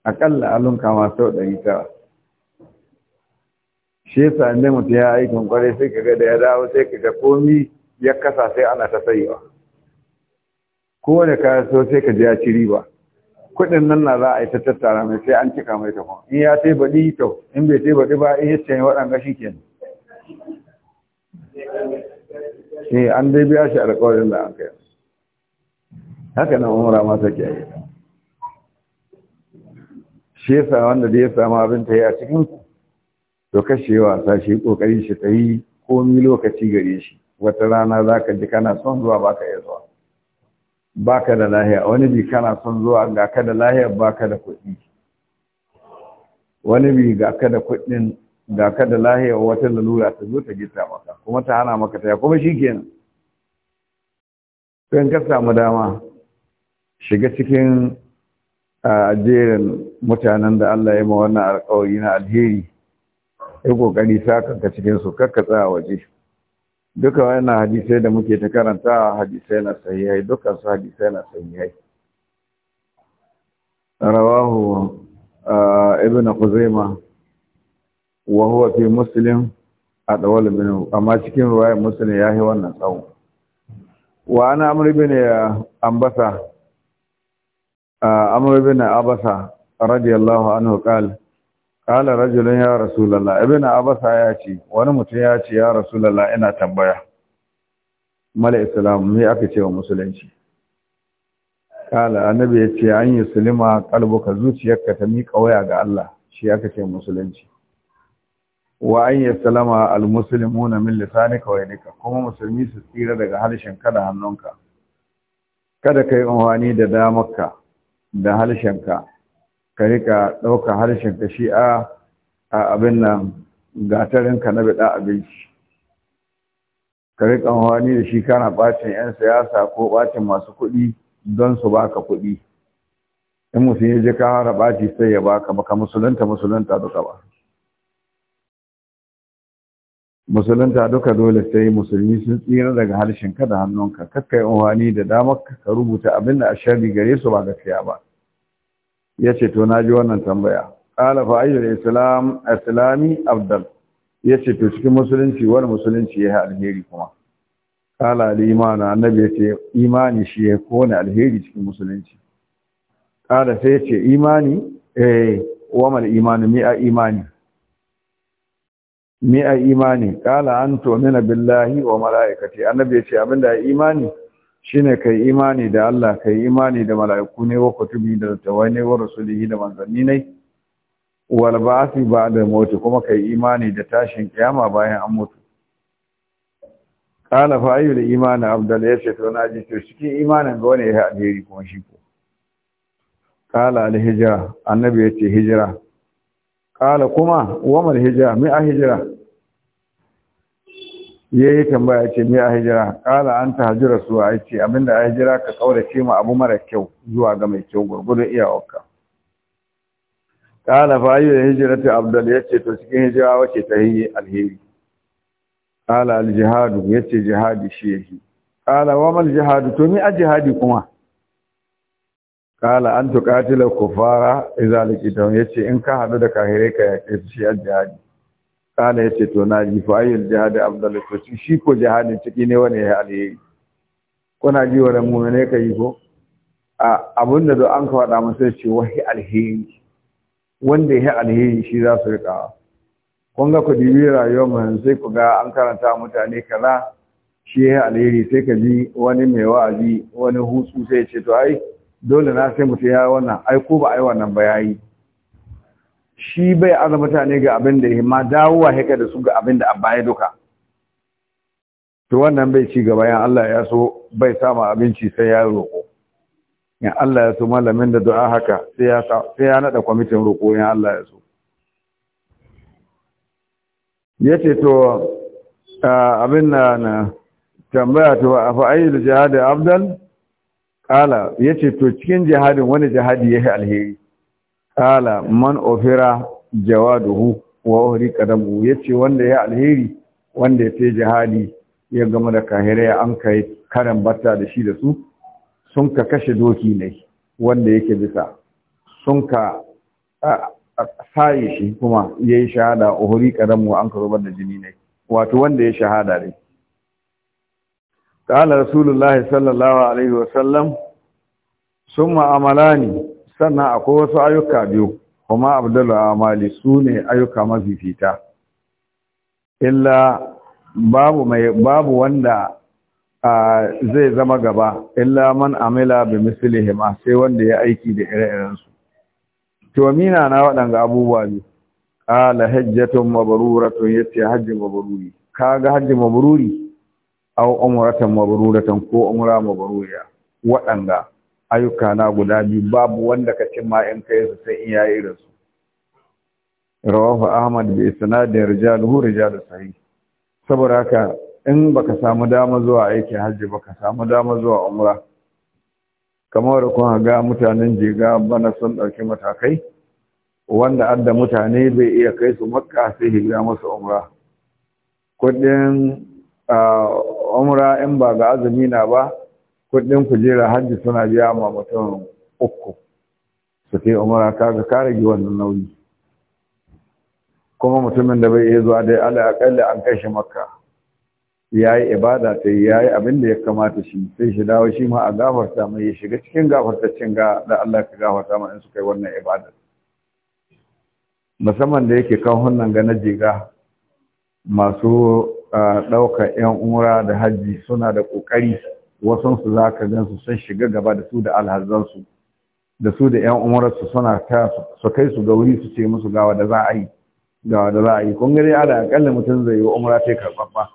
aƙalla alun kama sau ɗari tara shi yasa inda mutum ya aikin kwarai sai kaga da ya dawo sai ga komi ya kasa sai ana ta sayewa wani kaya so sai ka ji ya ci riba kuɗin nan na za a yi ta tattara mai sai an cika mai tafi in ya tai baɗi to in bai ce baɗi ba in ya ce waɗanda shi kenan eh an dai biya shi alƙawarin da an kai haka nan umara ma ke yi shi yasa wanda da ya samu abin ta yi a cikin ku to kashe wasa shi kokari shi ta yi komi lokaci gare shi wata rana za ka ji kana son zuwa baka iya zuwa baka da lahiya wani bi kana son zuwa ga ka da lahiya baka da kuɗi wani bi ga ka da kuɗin ga ka da lahiya wata lalura ta zo ta gita maka kuma ta hana maka ta kuma shi kenan sai ka samu dama shiga cikin a jerin mutanen da Allah ya ma wannan alƙawari na alheri ya kokari sakanka cikin su kakka tsaya waje duka wannan hadisai da muke ta karanta hadisai na sahihai dukkan su hadisai na sahihai rawahu ibn Khuzaimah wa huwa fi Muslim adawal minhu amma cikin ruwayar Muslim yayi wannan tsawo wa ana bin ya eh, ambasa amr bin abasa radiyallahu anhu qala qala rajulun ya rasulullah ibn abasa ya ce wani mutum ya ce ya rasulullah ina tambaya mala islam me aka ce wa musulunci kala annabi ya ce an yi sulima kalbuka zuciyarka ta miƙa waya ga Allah shi aka ce musulunci wa an yi salama almuslimuna min lisanika wa yadika kuma musulmi su tsira daga harshen kada hannunka kada kai unhwani da damarka da harshenka ka rika ɗauka harshenka shi a abin nan gatarinka na bida abinci ka rika hawani da shi kana bacin 'yan siyasa ko bacin masu kuɗi don su baka kuɗi in mutum ya je ka hara baci sai ya baka baka musulunta musulunta duka ba musulunta duka dole sai musulmi sun tsira daga harshenka da hannunka kakkai unhani da damar ka rubuta abin da a shari gare su ba gaskiya ba yace to na ji wannan tambaya ƙala fa ayyul islam islami ya yace to cikin musulunci wani musulunci ya yi alheri kuma ƙala al imanu annabi ce imani shi ya kone alheri cikin musulunci ƙala sai yace imani eh wa mal imanu mi'a imani mi'a imani ƙala an tu'mina billahi wa malaikati annabi ya ce abinda imani shine kai imani da Allah kai imani da mala'iku ne wa kutubi da tawai ne wa rasulihi da manzanni ne wal ba da mota kuma kai imani da tashin kiyama bayan an mutu qala fa ayyul imani afdal yace to na ji to shi imanin ga wani ya alheri kuma shi ko qala al hijra annabi yace hijira. qala kuma wa mal hijra mi a hijira? ya yi tambaya ce mai a hijira ƙala an ta hajjira su a ce abinda a hijira ka ƙaurace ma abu mara kyau zuwa ga mai kyau gwargwadon iyawarka ƙala fa ayyuka hijira ta abdul ya ce to cikin hijira wace ta yi alheri ƙala aljihadu ya ce jihadi shi ya yi ƙala wa mal jihadu to ni a jihadi kuma ƙala an tuƙatila kufara idza liqitahum ya ce in ka haɗu da kahirai ka yaƙe su shi a jihadi ya ce to na ji fa ayyul jihad afdal to shi ko jihadin ciki ne wani ya alheri na ji wa mu'mine kai ko a abun da an ka faɗa masa ce wahi alheri wanda ya alheri shi za su rika kun ga ku dibi rayuwar mu sai ku ga an karanta mutane kaza shi ya alheri sai ka ji wani mai wa'azi wani hutsu sai ce to ai dole na sai mutum ya wannan ai ko ba ai wannan ba yi. shi bai aza mutane ga abin da ya ma dawowa haka da su ga abin da abba ya duka to wannan bai ci gaba yan Allah ya so bai samu abinci sai ya roƙo yan Allah ya so malamin da du'a haka sai ya sai ya nada kwamitin roƙo yan Allah ya so yace to abin na na tambaya to a fa'il jihad abdal kala yace to cikin jihadin wani jihadi yake alheri kala man ofira jawaduhu wa uhri ya yace wanda ya alheri wanda ya tayi hali ya gama da ya an kai karan batta da shi da su sun ka kashe doki ne wanda yake bisa sun ka saye shi kuma yayi shahada ohri kadamu an ka zubar da jini ne wato wanda ya shahada ne قال رسول الله صلى الله عليه وسلم ثم عملاني sannan akwai wasu ayyuka biyu kuma abdul amali su ne ayyuka mafifita illa babu mai babu wanda zai zama gaba illa man amila bi mislihi ma sai wanda ya aiki da ire-iren su to mina na waɗanga abubuwa biyu ala hajjatun mabruratun yace hajji mabruri kaga hajji mabruri aw umratan mabruratan ko umra mabruriya waɗanga ayyuka na guda biyu babu wanda ka cimma in kai su sai in yayi irin su rawahu ahmad bi isnadin rijaluhu rijalus sahih saboda haka in baka samu dama zuwa aikin hajji baka samu dama zuwa umra kamar da kuma ga mutanen jiga bana sun ɗauki matakai wanda adda mutane bai iya kai su makka sai hijira musu umra kudin ah, umra in ba ga azumi na ba Kudin kujera hajji suna biya ma mutum uku su ke umara kaga ka gi wannan nauyi kuma mutumin da bai iya zuwa dai ala akalla an kai shi makka ya yi ibada ta yi ya yi abin da ya kamata shi sai shi dawo shi ma a gafarta mai ya shiga cikin gafartaccen ga da Allah ka gafarta ma in su kai wannan ibada musamman da yake kan wannan ga na jiga masu ah, ɗaukar 'yan umra da hajji suna da ƙoƙari Wasansu za ka gan sun shiga gaba da su da alhazansu da su da 'yan umararsu suna ta su kai su ga wuri su ce musu gawa da za a yi gawa da za a yi kun gare da akalla mutum zai yi umara ta karɓaɓɓa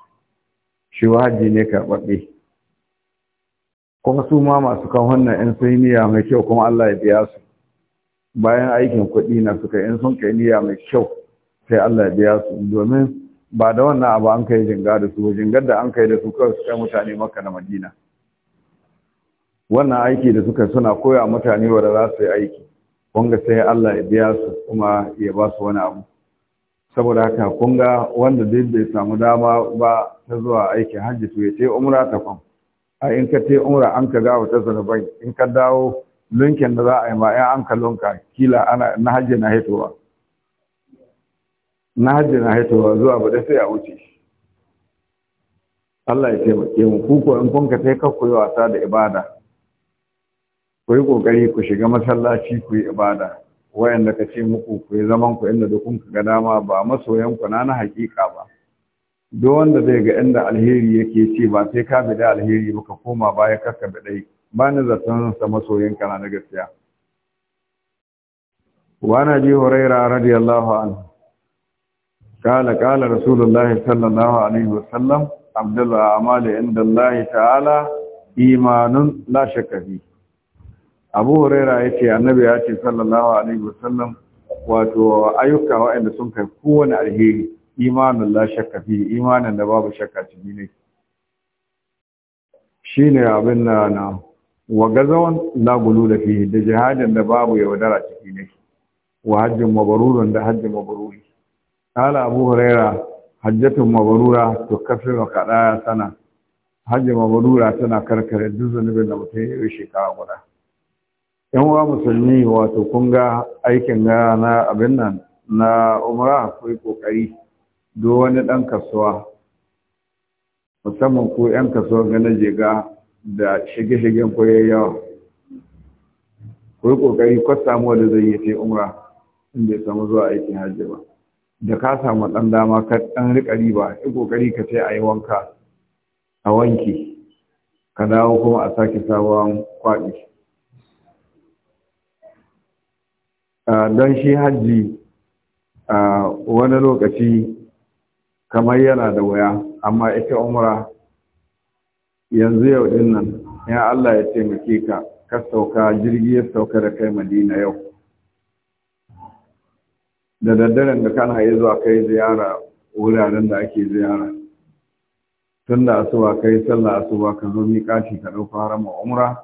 shi wahaji ne karɓaɓɓe kuma su ma masu kan wannan 'yan sun niyya mai kyau kuma Allah ya biya su bayan aikin kuɗi na suka in sun kai niyya mai kyau sai Allah ya biya su domin ba da wannan abu an kai jinga da su jingar da an kai da su kawai su kai mutane maka na madina wannan aiki da suka suna koya mutane wanda za su yi aiki wanga sai Allah ya biya su kuma ya ba su wani abu saboda haka kunga ga wanda duk bai samu dama ba ta zuwa aikin hajji to ya ce umra ta kwam a in ka ce umra an ka gawo ta zanubai in ka dawo lunkin da za a yi ma ya an ka lunka kila ana na hajji na haitowa na hajji na haitowa zuwa ba sai a wuce Allah ya taimake mu ku in kun ka sai ka koyi wasa da ibada ku yi ƙoƙari ku shiga masallaci ku yi ibada wayanda ka ce muku ku yi zaman ku inda dukun ka ga dama ba masoyan ku na na hakika ba duk wanda zai ga inda alheri yake ce ba sai ka bi da alheri ba ka koma baya kakka bi dai ba ni zaton sa masoyan ka na na gaskiya وعن ابي هريره رضي الله عنه قال قال رسول الله صلى الله عليه وسلم عبد الاعمال عند الله تعالى ايمان لا شك فيه abu huraira ya ce annabi ya ce sallallahu alaihi wasallam wato ayyuka wa'anda sun kai kowane alheri imanin la shakka fi imanin da babu shakka ciki ne shine abin na na wa gazawan la da fi da jihadin da babu yaudara ciki ne wa hajjin mabarurun da hajjin mabaruri qala abu huraira hajjatun mabarura tukaffiru kadaya sana hajjin mabarura tana karkare duk zunubin da mutum ya yi shekara guda yan uwa musulmi wato kun ga aikin ga na abin nan na umra ko kokari do wani dan kasuwa musamman ku yan kasuwa ga na jega da shige-shigen ko yayya ko kokari ko samu wanda zai yi sai umra in bai samu zuwa aikin hajji ba da ka samu ɗan dama ka dan riƙa riba yi ƙoƙari ka ce a wanka a wanki ka dawo kuma a sake sabon kwaɗi Ah, don shi hajji ah, wani lokaci kamar yana da waya amma ita umra yanzu yau din nan ya Allah ya taimake ka ka sauka jirgi ya sauka da kai madina yau da daddaren da kana yi zuwa kai ziyara wuraren da ake ziyara tun da asuba kai sallah asuba ka zo kashi ka dauka ma umra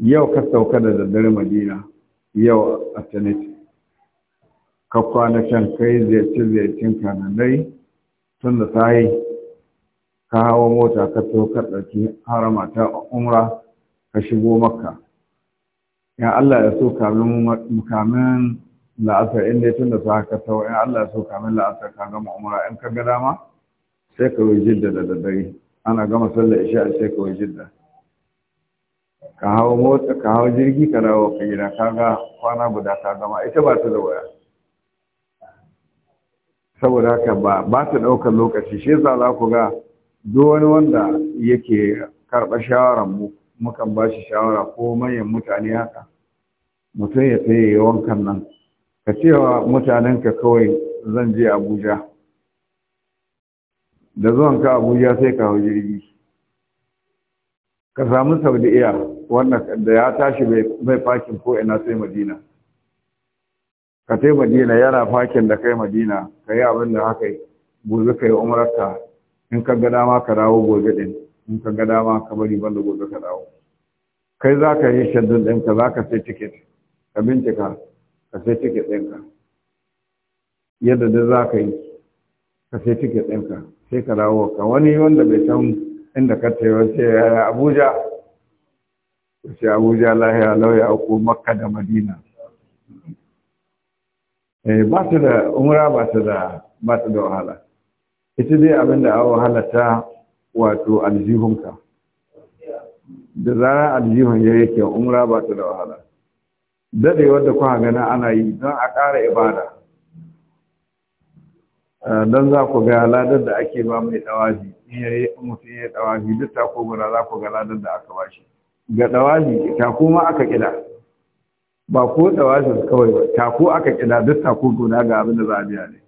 yau ka sauka da daddare madina yau a tanit ka kwana can kai ziyarci-ziyarcin kananai tun da sahi ka hawa mota ka to ka ɗauki harama a umra ka shigo makka ya Allah ya so kamin la'asar inda tun da sa ka tawo in Allah ya so kamin la'asar ka gama umra in ka ga dama sai ka wajidda jidda da daddare ana gama sallar isha sai ka yi jidda ka hau mota ka hawo jirgi ka dawo ka gida ka ga kwana guda ta gama ita ba ta da waya saboda haka ba ba ta ɗaukar lokaci shi yasa za ku ga duk wani wanda yake karɓar shawara mu mukan ba shi shawara ko manyan mutane haka mutum ya tsaye wankan nan ka cewa mutanenka kawai zan je abuja da zuwanka abuja sai ka hau jirgi ka samu saudiya wannan da ya tashi bai fakin ko ina sai madina ka sai madina yana fakin da kai madina ka yi abin da haka gobe ka yi umarta in ka ga dama ka dawo gobe din in ka ga dama ka bari banda gobe ka dawo kai za ka yi shaddun ɗinka za ka sai tiket ka bincika ka sai tiket ɗinka yadda da za ka yi ka sai tiket ɗinka sai ka dawo ka wani wanda bai san inda ka ce sai yaya abuja sai abuja lahiya lauya ko makka da madina eh, ba su da umra ba su da ba su da wahala ita dai abin da awa wato aljihunka da zara aljihun ya yake umra ba su da wahala daɗewar da kuma gana ana yi don a ƙara ibada Eh, don za ku ga ladar da ake ba mai ɗawaji in ya yi mutum ya ɗawaji duk ko guda za ku ga ladar da aka ba shi ga ɗawaji tako ma aka ƙida ba ko ɗawaji kawai ba tako aka ƙida duk tako guda ga abin da za a biya ne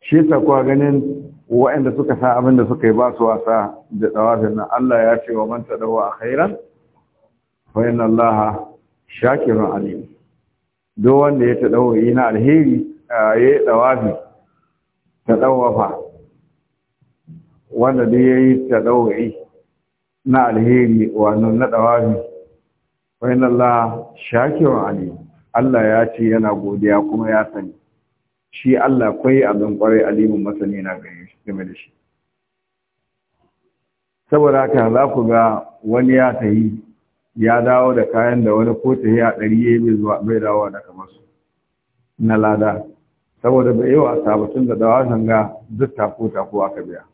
shi ta kuwa ganin wa'anda suka sa abin da suka yi ba su wasa da ɗawafin nan Allah ya ce wa man tadawa a khairan fa inna Allah shakirun alim duk wanda ya tadawa yana alheri yayi dawafi ta dawafa wanda yayi ta dawai na alheri wannan na dawafi wa inna Allah Allah ya ce yana godiya kuma ya sani shi Allah kwai abin kwarai alimin masani na gare shi game da shi saboda haka za ku ga wani ya tahi ya dawo da kayan da wani ko tahi a ɗari ya zuwa bai dawo da kamar su na lada saboda bai yi wasa ba tun da dawasan ga duk tafu tafu aka biya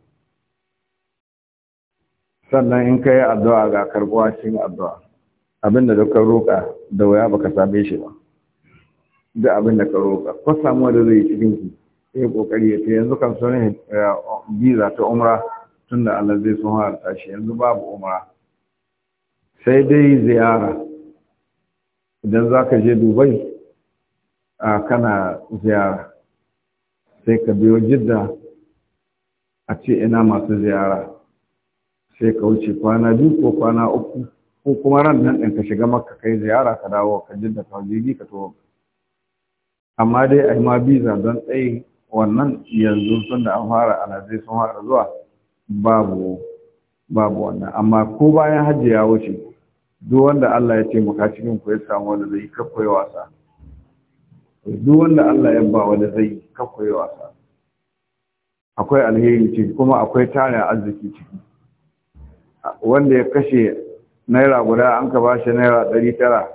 sannan in ka yi addu'a ga karbuwa cikin addu'a abinda da ka roƙa da waya baka same shi ba da abinda ka roƙa ko samuwa da zai cikin ki. ya kokari ya ce yanzu kan sun biza eh, ta umra tun da Allah zai sun halarta shi yanzu babu umra sai dai ziyara idan za ka je dubai a kana ziyara sai ka biyo jidda a ce ina masu ziyara sai ka wuce kwana biyu ko kwana uku ko kuma ran nan ɗin ka shiga makka kai ziyara ka dawo ka jidda ka jirgi ka to amma dai a yi ma biza don tsaye wannan yanzu sun da an fara zai sun fara zuwa babu babu wannan amma ko bayan hajji ya wuce duk wanda Allah ya ce taimaka cikin ku ya samu wanda zai kakkoyi wasa duk wanda Allah ya ba wanda zai ka wasa akwai alheri ciki kuma akwai tarin arziki ciki wanda ya kashe naira guda an ka bashi naira ɗari tara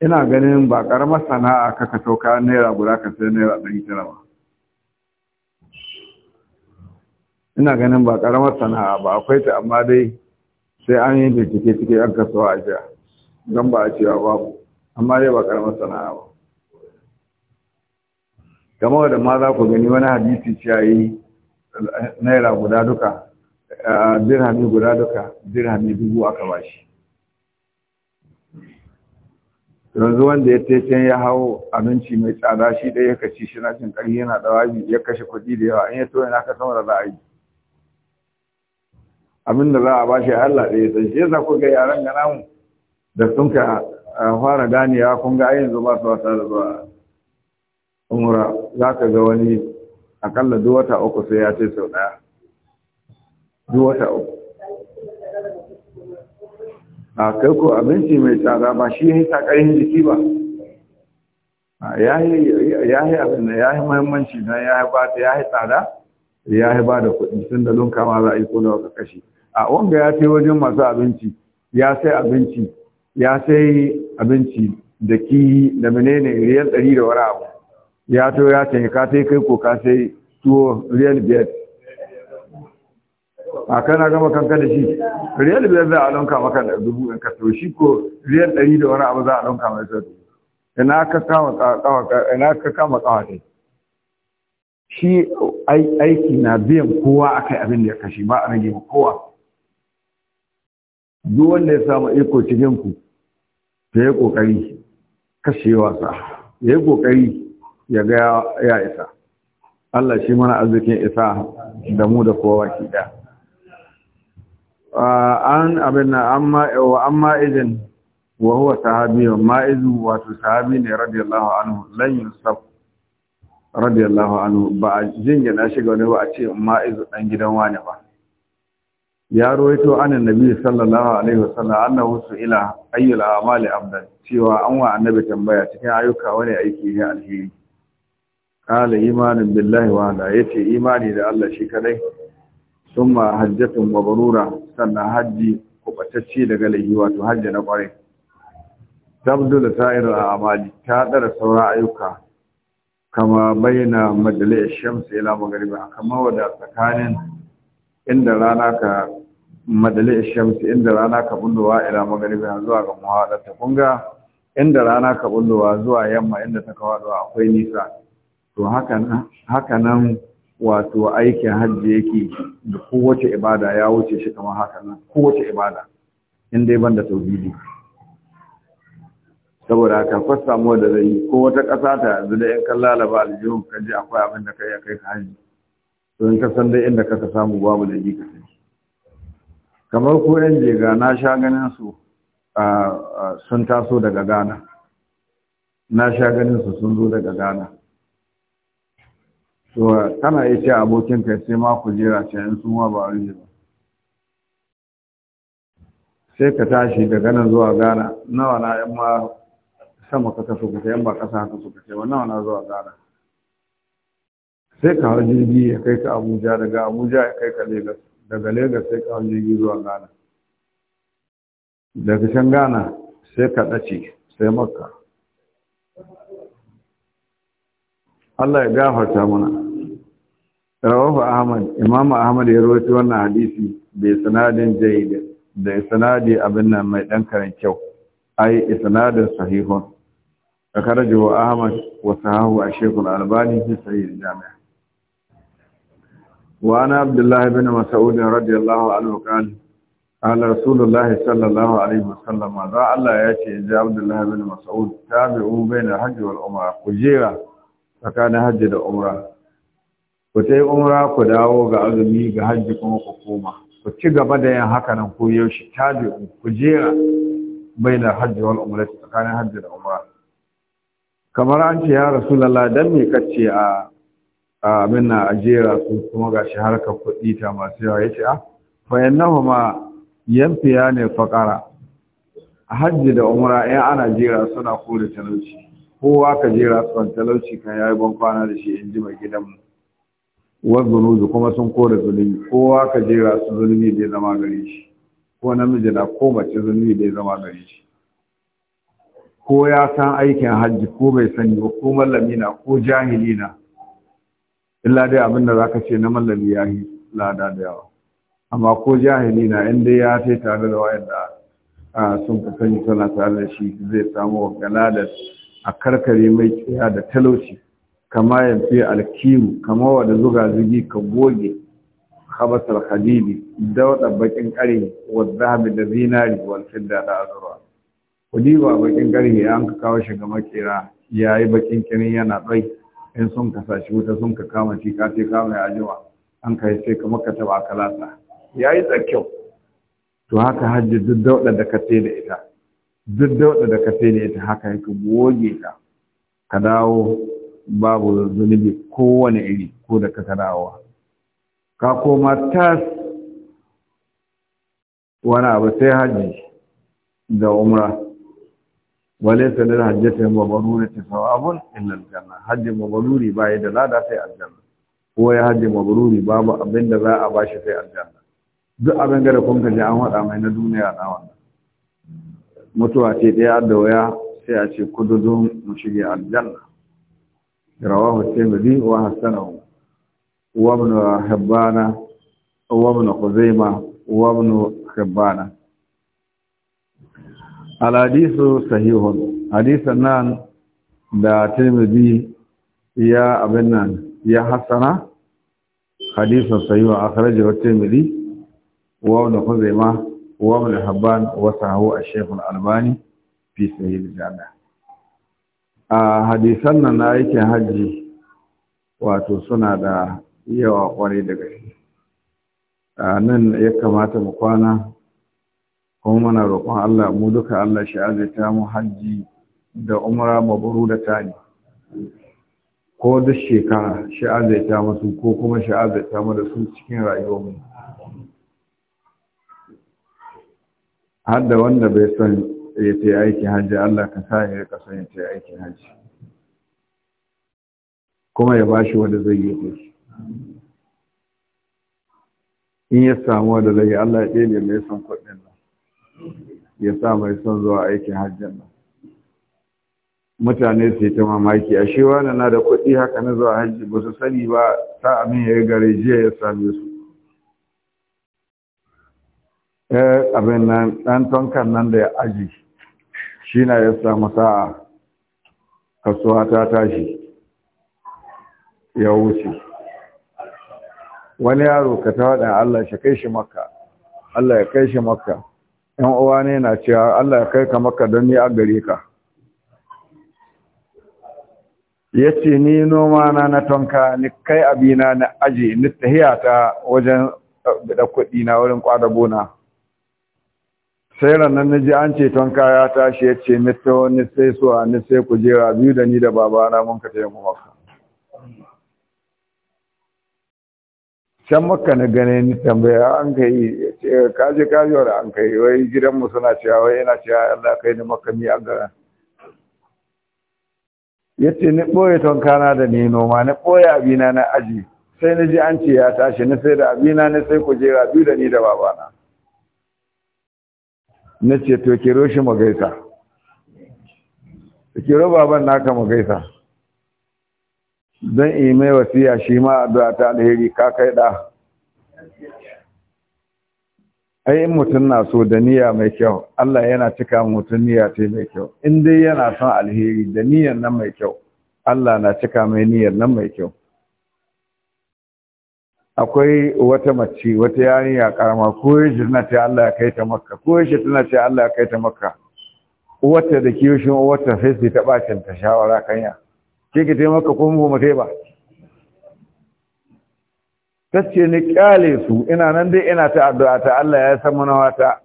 ina ganin ba ƙaramar sana'a ka ka sauka naira guda ka sai naira ɗari tara ba ina ganin ba ƙaramar sana'a ba akwai ta amma dai sai an yi bincike cike an kasuwa a jiya don ba a cewa babu amma dai ba ƙaramar sana'a ba kamar da ma za ku gani wani hadisi cewa yi naira guda duka dirhami guda duka dirhami dubu aka bashi yanzu wanda ya tece ya hau abinci mai tsada shi ɗaya ya kaci shi na cin ƙarfi yana ɗawabi ya kashe kuɗi da yawa in ya to yana ka samar da abin da za a bashi Allah ɗaya sai shi yasa ku ga yaran ga namu da sun fara ganewa kun ga yanzu ba su wasa da zuwa umra za ka ga wani akalla duk wata uku sai ya ce sau ɗaya duk wata uku a kai ko abinci mai tsada ba shi yi takarin jiki ba ya yi abin da ya yi mahimmanci na ya yi ba ta ya yi tsada ya yi ba da kuɗi tun da lunka ma za a yi ko da wata kashi a wanga ya ce wajen masu abinci ya sai abinci ya sai abinci da ki da menene riyal ɗari da wara abu ya to ya ce ka sai kai ko ka sai tuwo real biyar a kana gama kanka da shi real biyar za a lonka maka da dubu in ka to shi ko real ɗari da wani abu za a lonka mai sau ina ka kama ina ka kama kawate shi aiki na biyan kowa akai abin da ya kashi ba a rage kowa duk wanda ya samu iko cikin ku ta yi ƙoƙari kashe wasa ya yi ƙoƙari ya ga ya isa Allah shi mana arzikin isa da mu da kowa ki da ah, an abin na amma wa amma idin wa huwa sahabi wa ma'izu wato sahabi ne radiyallahu anhu lan yusaf radiyallahu anhu ba jin yana shiga wani ba a ce izu dan gidan wani ba ya ruwaito anan nabi sallallahu alaihi wasallam annahu su'ila ayyul a'mali afdal cewa an wa annabi tambaya cikin ayyuka wani aiki ne alheri Ƙala imanin billahi wa Ya ce imani da Allah shi kadai ma hajjatun mabrura sannan hajji kubatacce daga laifi wato hajji na kwarai tabdul sa'irul a'mali ta ɗara sauran ayyuka kama bayyana majalai shamsi ila magariba kama wada tsakanin inda rana ka madalai shamsi inda rana ka bullowa ila magariba zuwa ga muhawadarta kun ga inda rana ka bullowa zuwa yamma inda ta kawaɗo akwai nisa to haka nan wato aikin hajji yake da kowace ibada ya wuce shi kamar haka nan kowace ibada in dai ban da tauhidi saboda haka kwas mu da zai ko wata ƙasa ta yanzu da in kan lalaba aljihun ka ji akwai abin da kai kai ka hajji to in ka san dai inda ka samu babu da ji ka sani kamar ko yan jega na sha ganin su sun taso daga Ghana na sha ganin su sun zo daga Ghana so kana iya ce abokin kai sai ma ku jera ce in su ma ba a ba sai ka tashi daga nan zuwa Ghana nawa na yan ma sama ka kasu ka yan ba kasa haka suka ce nawa na zuwa gana sai ka hau jirgi ya kai ka Abuja daga Abuja ya kai ka Lagos daga Lagos sai ka hau jirgi zuwa Ghana daga can Ghana sai ka ɗace sai Makka Allah ya gafarta mana. Rawafa Ahmad, Imam Ahmad ya rawaci wannan hadisi bai sanadin jayyadin da sanadi abin nan mai dan karin kyau. Ai isnadin sahihun. Akarajo Ahmad wa sahahu a Sheikhul Albani fi sahih Jami'a. Wa ana Abdullah ibn Mas'ud radiyallahu anhu kan قال رسول الله صلى الله عليه وسلم ما الله يأتي إذا عبد الله بن مسعود تابعوا hajji الحج والعمرة قجيرة tsakanin hajji da umra ku ta yi umra ku dawo ga azumi ga hajji kuma ku koma ku ci gaba da yin haka nan ko yaushe tabi ku jera na hajji wal umra tsakanin hajji da umra kamar an ce ya rasu dan me kace a a minna a jera su kuma shi harkar kuɗi ta masu yawa yace a ah, fa ma yanfiya ne fakara hajji da umra in ana jera suna kore talauci kowa ka jera rasuwan talauci kan ya yi kwana da shi in ji mai gidanmu wanzu kuma sun kore zulumi kowa ka jera su zulumi bai zama gare shi ko namiji na ko mace zulumi bai zama gare shi ko ya san aikin hajji ko bai sani ba ko mallami na ko jahili na illa dai abin da zaka ce na mallami ya yi lada da yawa amma ko jahili na in dai ya sai tare da wayanda sun ka sani tana tare da shi zai samu galadar a karkare mai tsaya da talauci kama fi alkiru kama wada zuga zugi ka goge hadidi da dauda bakin kare wadhabi da zinari wal fidda da azurwa kudi ba bakin kare an ka kawo shiga makera ya yi bakin kini yana tsai in sun ka sashi wuta sun ka kama shi ka kama ya ajiwa an kai sai kama ka taba kalasa yi tsakkiyau to haka hajji duk dauɗa da kasai da ita duk da da ka sai da ita haka yake goge ta ka dawo babu zunubi kowane iri ko da ka dawowa ka koma tas wani abu sai hajji da umra wale sanar hajji sai mabaru na ta sawabun illa aljanna hajji mabaru ne ba da lada sai aljanna ko ya hajji mabaru ne babu abin da za a bashi sai aljanna duk abin gara kun ka ji an faɗa mai na duniya na wannan mutuwa ce ɗaya da waya sai a ce kududun mu shige aljanna rawahu tirmidhi wa hasanahu wa ibn hibbana wa ibn khuzaima wa ibn hibbana al hadithu sahihun hadithan nan da tirmidhi ya abin nan ya hasana hadithan sahihun akhrajahu tirmidhi wa ibn khuzaima وابن حبان وسعه الشيخ الألباني في سهيل الجامع حديثنا نايك حجي wato suna da yawa kwarai daga gaske nan ya kamata mu kwana kuma muna roƙon Allah mu duka Allah shi azaita mu hajji da umra maburu da tani ko duk shekara shi azaita musu ko kuma shi azaita mu da su cikin rayuwarmu har da wanda bai son ya ce aiki hajji Allah ka sa ya rika son ya ce aiki hajji kuma ya bashi wanda zai yi shi in ya samu wanda zai Allah ya ɗebe mai son kuɗin nan ya sa mai son zuwa aikin hajjin nan mutane su yi ta mamaki a shi wani na da kuɗi haka na zuwa hajji ba su sani ba ta amin ya yi gare jiya ya same su eh abin nan ɗan tankan nan da ya aji shi na ya samu sa'a kasuwa ta tashi ya wuce wani yaro ka ta waɗa Allah shi kai shi makka Allah ya kai shi makka ‘yan uwa ne na cewa Allah ya kai ka makka don ni a gare ka ya ce ni noma na na tonka ni kai abina na aji ni tahiya ta wajen eh, da kuɗi na wurin ƙwada sai ranar na ji an ceton kaya ta shi ya ce mita wani sai suwa ni sai kujera biyu da ni da babana mun ka taimu maka can maka na gane ni tambaya an ka yi kaje kaje wani an ka yi wai gidanmu suna cewa wai yana cewa Allah kai ni maka mi an gara ya ce ni ɓoye tonkana da ni noma ni ɓoye abina na aji sai na ji an ce ya tashi ni sai da abina ni sai kujera biyu da ni da babana na ce to kiro shi magaisa kiro baban naka magaisa don yi mai wasiya shi ma addu'a ta alheri ka kai da ai in mutum na so da niyya mai kyau Allah yana cika mutum niyya ta mai kyau in dai yana son alheri da niyyar nan mai kyau Allah na cika mai niyyar nan mai kyau akwai wata mace wata yarinya karama ko yace tana ce Allah ya kai ta makka ko tana ce Allah ya kai ta makka Wata da kiyoshin wata sai sai ta bacin ta shawara kanya ke ki taimaka ko mu mutai ba tace ni kyale su ina nan dai ina ta addu'a ta Allah ya san mana wata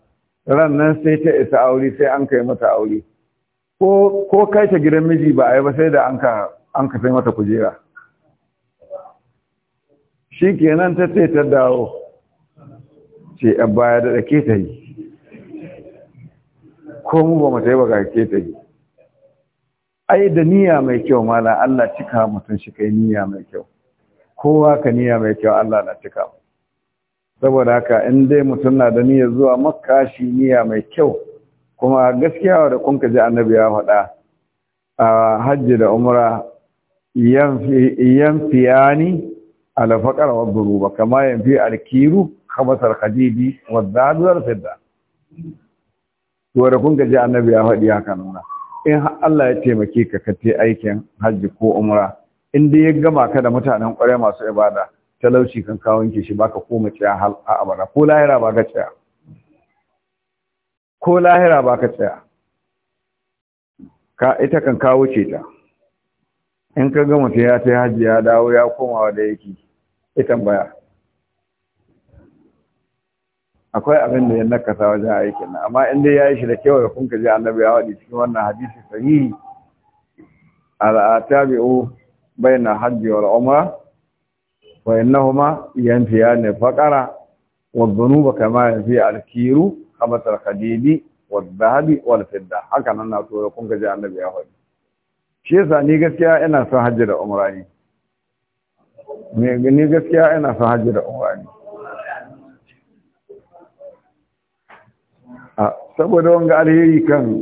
ran nan sai ta isa aure sai an kai mata aure ko ko kai ta gidan miji ba ai ba sai da an ka an ka sai mata kujera shi kenan ta ce ta dawo ce a baya da ke ta yi ko mu ba mata yi ba ke ta yi ai da niyya mai kyau mala Allah cika mutum shi kai niyya mai kyau kowa ka niyya mai kyau Allah na cika saboda haka in dai mutum na da niyyar zuwa makka shi niyya mai kyau kuma gaskiya da kun ka ji annabi ya faɗa a hajji da umra yan fiyani alfaqar wa duruba kama yanfi alkiru khabasar khadibi wa dadwar fidda to da kun gaji annabi ya faɗi haka nuna in Allah ya taimake ka ka te aikin hajji ko umra in dai ya gama ka da mutanen ƙware masu ibada talauci kan kawo yanke shi baka koma tsaya hal a abada ko lahira baka ka tsaya ko lahira ba ka tsaya ka ita kan kawo ce ta in ka gama ta ya ta hajji ya dawo ya komawa da yake ya tambaya akwai abin da ya nakasa wajen aikin nan amma inda ya yi shi da kewaye kun ka ji annabi ya waɗi cikin wannan hadisi sahihi al'atabi'u bayna hajji wal umra wa innahuma yanfiyani faqara wa dhunuba kama yanfi al-kiru khabath al-khadidi wa dhahabi wal fidda haka nan na to kun ka ji annabi ya waɗi shi yasa ni gaskiya ina son hajji da umra Me gani gaskiya ina son hajji da umra ne a saboda wanga alheri kan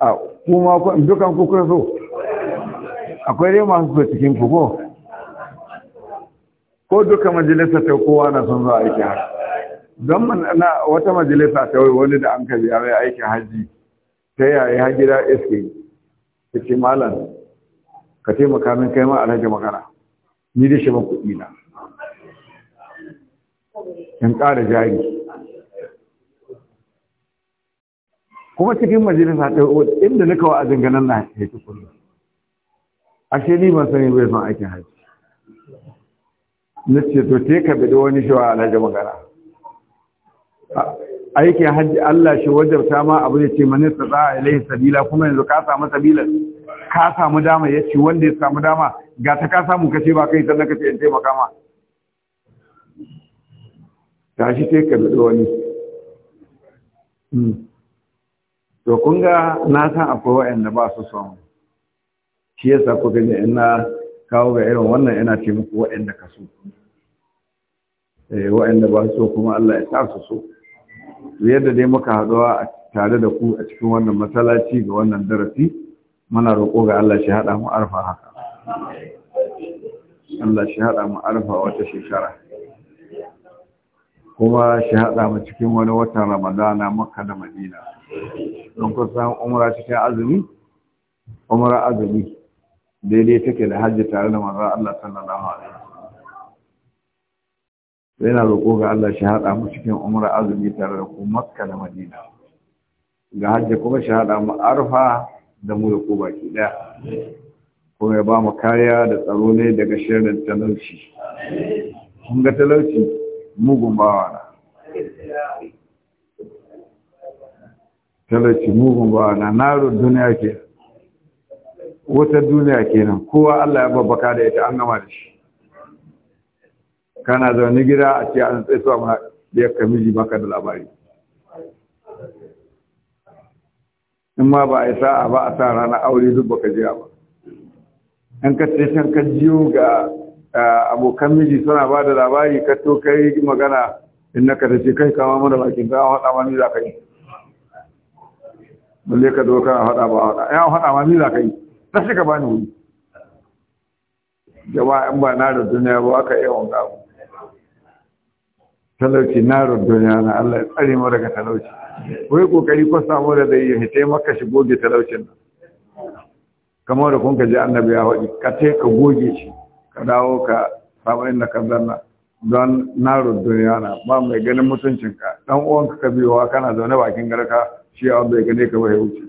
a kuma dukan ku so akwai dai masu so cikin ku ko ko duka majalisa ta kowa na son zuwa aiki haka don na wata majalisa ta wani da an kaji mai aikin hajji ta yaya har gida iske ta ce malam ka taimaka min kai ma alhaji magana ni da shi ba kuɗi na in ƙara jari kuma cikin majalisa ta inda na kawo a zanganan na haiti kullum ashe ni ban sani bai son aikin haji. na ce to te ka bidi wani shi wa alhaji magana aikin hajji Allah shi wajabta ma abu ya ce mani ta za a ilai sabila kuma yanzu ka samu sabila ka samu dama ya ce wanda ya samu dama ga ta ka samu kace ba kai sannan kace in taimaka ma tashi sai ka bido wani hmm. to kun ga na san akwai wa'anda ba su son shi yasa ku gani ina kawo ga irin wannan yana ce muku wa'anda ka so eh wa'anda ba so kuma Allah ya sa su so yadda dai muka haɗuwa tare da ku a cikin wannan matsalaci ga wannan darasi muna roƙo ga Allah shi haɗa mu arfa haka Allah shi haɗa mu arfa wata shekara kuma shi haɗa mu cikin wani watan ramadana makka da madina don kusan umra cikin azumi umra azumi daidai take da hajji tare da manzon Allah sallallahu alaihi wasallam yana roƙo ga Allah shi haɗa mu cikin umra azumi tare da ku makka da madina ga hajji kuma shi haɗa mu arfa da mu da ku baki ɗaya ko ya ba mu kariya da tsaro ne daga shirin talauci kun ga talauci mugun bawa na talauci mugun bawa na narin duniya ke wata duniya kenan kowa Allah ya babbaka da ita an gama da shi kana zaune gida a ce an tsaye ma da ya kamiji baka da labari in ma ba a yi sa'a ba a sa ranar aure duk baka jira ba in ka ce can ka jiyo ga abokan miji suna ba da labari ka to kai magana in naka da ce kai kama mana bakin ka an haɗa ma ni za ka yi balle ka zo kana haɗa ba haɗa ya haɗa ma ni za ka yi Ta shi ka bani wuri jama'a in ba na da duniya ba aka yawan gabu talauci na duniya na Allah ya tsare mu daga talauci wai kokari ko samu da zai yi taimaka shi goge talaucin nan kamar da kun ka ji annabi ya faɗi ka te ka goge shi ka dawo ka samu inda ka zanna don na duniya na ba mai ganin mutuncinka dan uwanka ka biyowa kana zaune bakin garka shi ya bai gane ka bai wuce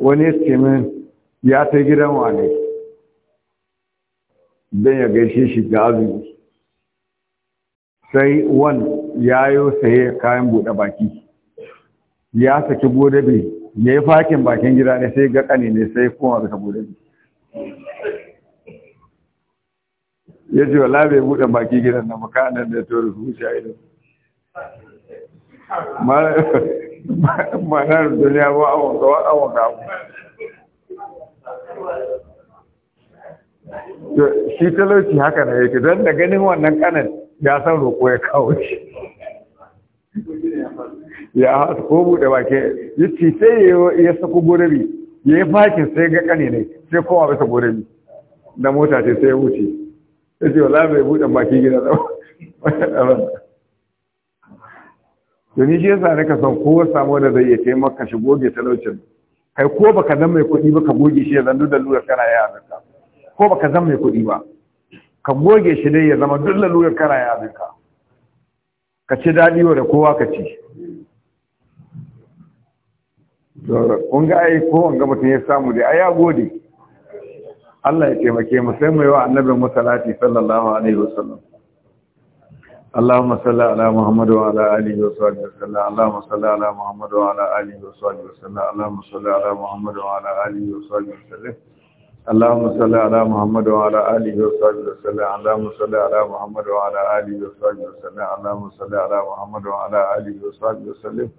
wani istimin ya ta gidan wane don ya gaishe shi ga azumi sai ya yayo saye kayan buɗe baki ya saki bai ya yi fakin bakin gida ne sai ga ƙani ne sai koma bisa bude ya ce wala bai buɗe baki gidan na makanan da ya tori su wuce a idan ma'anar duniya ba awon gawa awon gawa shi talauci haka na yake don da ganin wannan kanan ya san roƙo ya kawo shi ya ko buɗe baki ya sai ya sako gorabi ya yi fakin sai ga kane ne sai kowa bisa gorabi Na mota ce sai ya wuce ya ce wala bai buɗe baki gida da domin shi yasa naka son ko samu da zai iya taimaka shi goge talaucin kai ko baka zan mai kuɗi ba ka goge shi ya zandu da lura kana ya abinka ko baka zan mai kuɗi ba ka goge shi dai ya zama duk lalurar kana ya abinka ka ci daɗi da kowa ka ci kun ga ayi ko wanga mutum ya samu dai aya gode Allah ya taimake mu sai mu yi wa annabin musalati sallallahu alaihi wasallam Allahumma salli ala Muhammad wa ala alihi wa sahbihi sallallahu Allahumma salli ala Muhammad wa ala alihi wa sahbihi sallallahu Allahumma salli ala Muhammad wa ala alihi wa sahbihi sallallahu Allahumma salli ala Muhammad wa ala alihi wa sahbihi sallallahu Allahumma salli ala Muhammad wa ala alihi wa sahbihi sallallahu Allahumma salli ala Muhammad wa ala alihi wa sahbihi sallallahu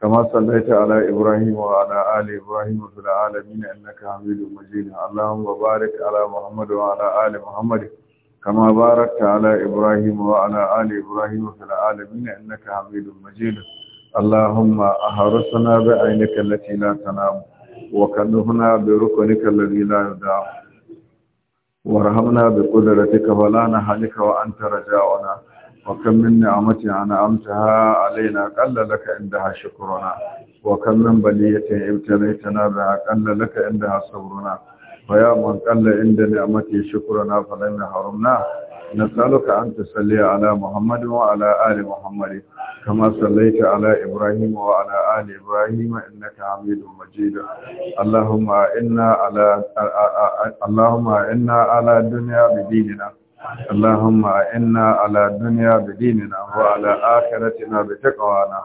كما صليت على إبراهيم وعلى آل إبراهيم في العالمين إنك حميد مجيد اللهم بارك على محمد وعلى آل محمد كما باركت على إبراهيم وعلى آل إبراهيم في العالمين إنك حميد مجيد اللهم أحرسنا بعينك التي لا تنام وكلفنا بركنك الذي لا يدام وارحمنا بقدرتك فلا نهلك وأنت رجاؤنا وكم من نعمة أنعمتها علينا قل لك عندها شكرنا وكم من بلية ابتليتنا بها قل لك عندها صبرنا فيا من قل عند نعمتي شكرنا فلن حرمنا نسألك أن تصلي على محمد وعلى آل محمد كما صليت على إبراهيم وعلى آل إبراهيم إنك حميد مجيد اللهم إنا على اللهم إنا على الدنيا بديننا اللهم إنا على الدنيا بديننا وعلى آخرتنا بتقوانا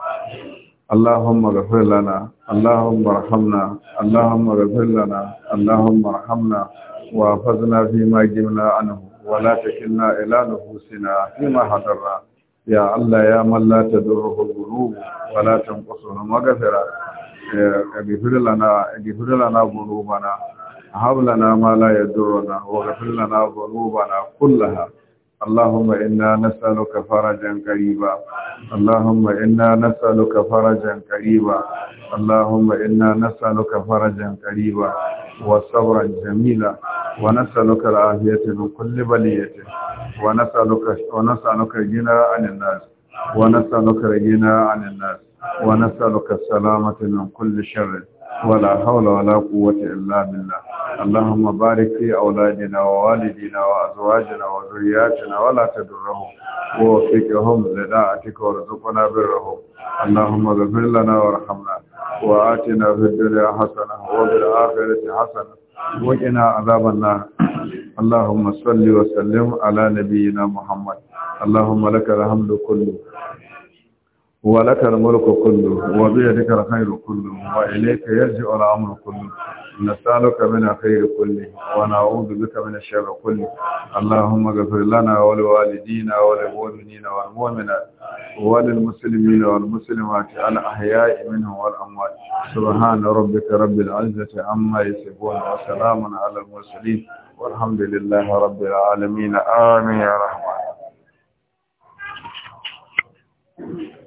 اللهم اغفر لنا اللهم ارحمنا اللهم اغفر لنا اللهم ارحمنا وافزنا فيما جبنا عنه ولا تكلنا إلى نفوسنا فيما حضرنا يا الله يا من لا تدره القلوب ولا تنقصه المغفرة اغفر لنا اغفر لنا ذنوبنا هب لنا ما لا يضرنا واغفر لنا ذنوبنا كلها اللهم إنا نسألك فرجا قريبا اللهم إنا نسألك فرجا قريبا اللهم إنا نسألك فرجا قريبا وصبرا جميلا ونسألك العافية من كل بلية ونسألك ونسألك الغنى عن الناس ونسألك الغنى عن الناس ونسألك السلامة من كل شر ولا حول ولا قوة إلا بالله اللهم بارك في أولادنا ووالدنا وأزواجنا وذرياتنا ولا تدرهم ووفقهم لداعتك ورزقنا برهم اللهم اغفر لنا وارحمنا وآتنا في الدنيا حسنة وفي الآخرة حسنة وقنا عذاب النار اللهم صل وسلم على نبينا محمد اللهم لك الحمد كله ولك الملك كله وبيدك الخير كله وإليك يرجع الأمر كله نسألك من الخير كله ونعوذ بك من الشر كله اللهم اغفر لنا ولوالدينا وللمؤمنين والمؤمنات وللمسلمين والمسلمات الأحياء منهم والأموات سبحان ربك رب العزة عما يصفون وسلام على المرسلين والحمد لله رب العالمين آمين يا رحمن Thank you.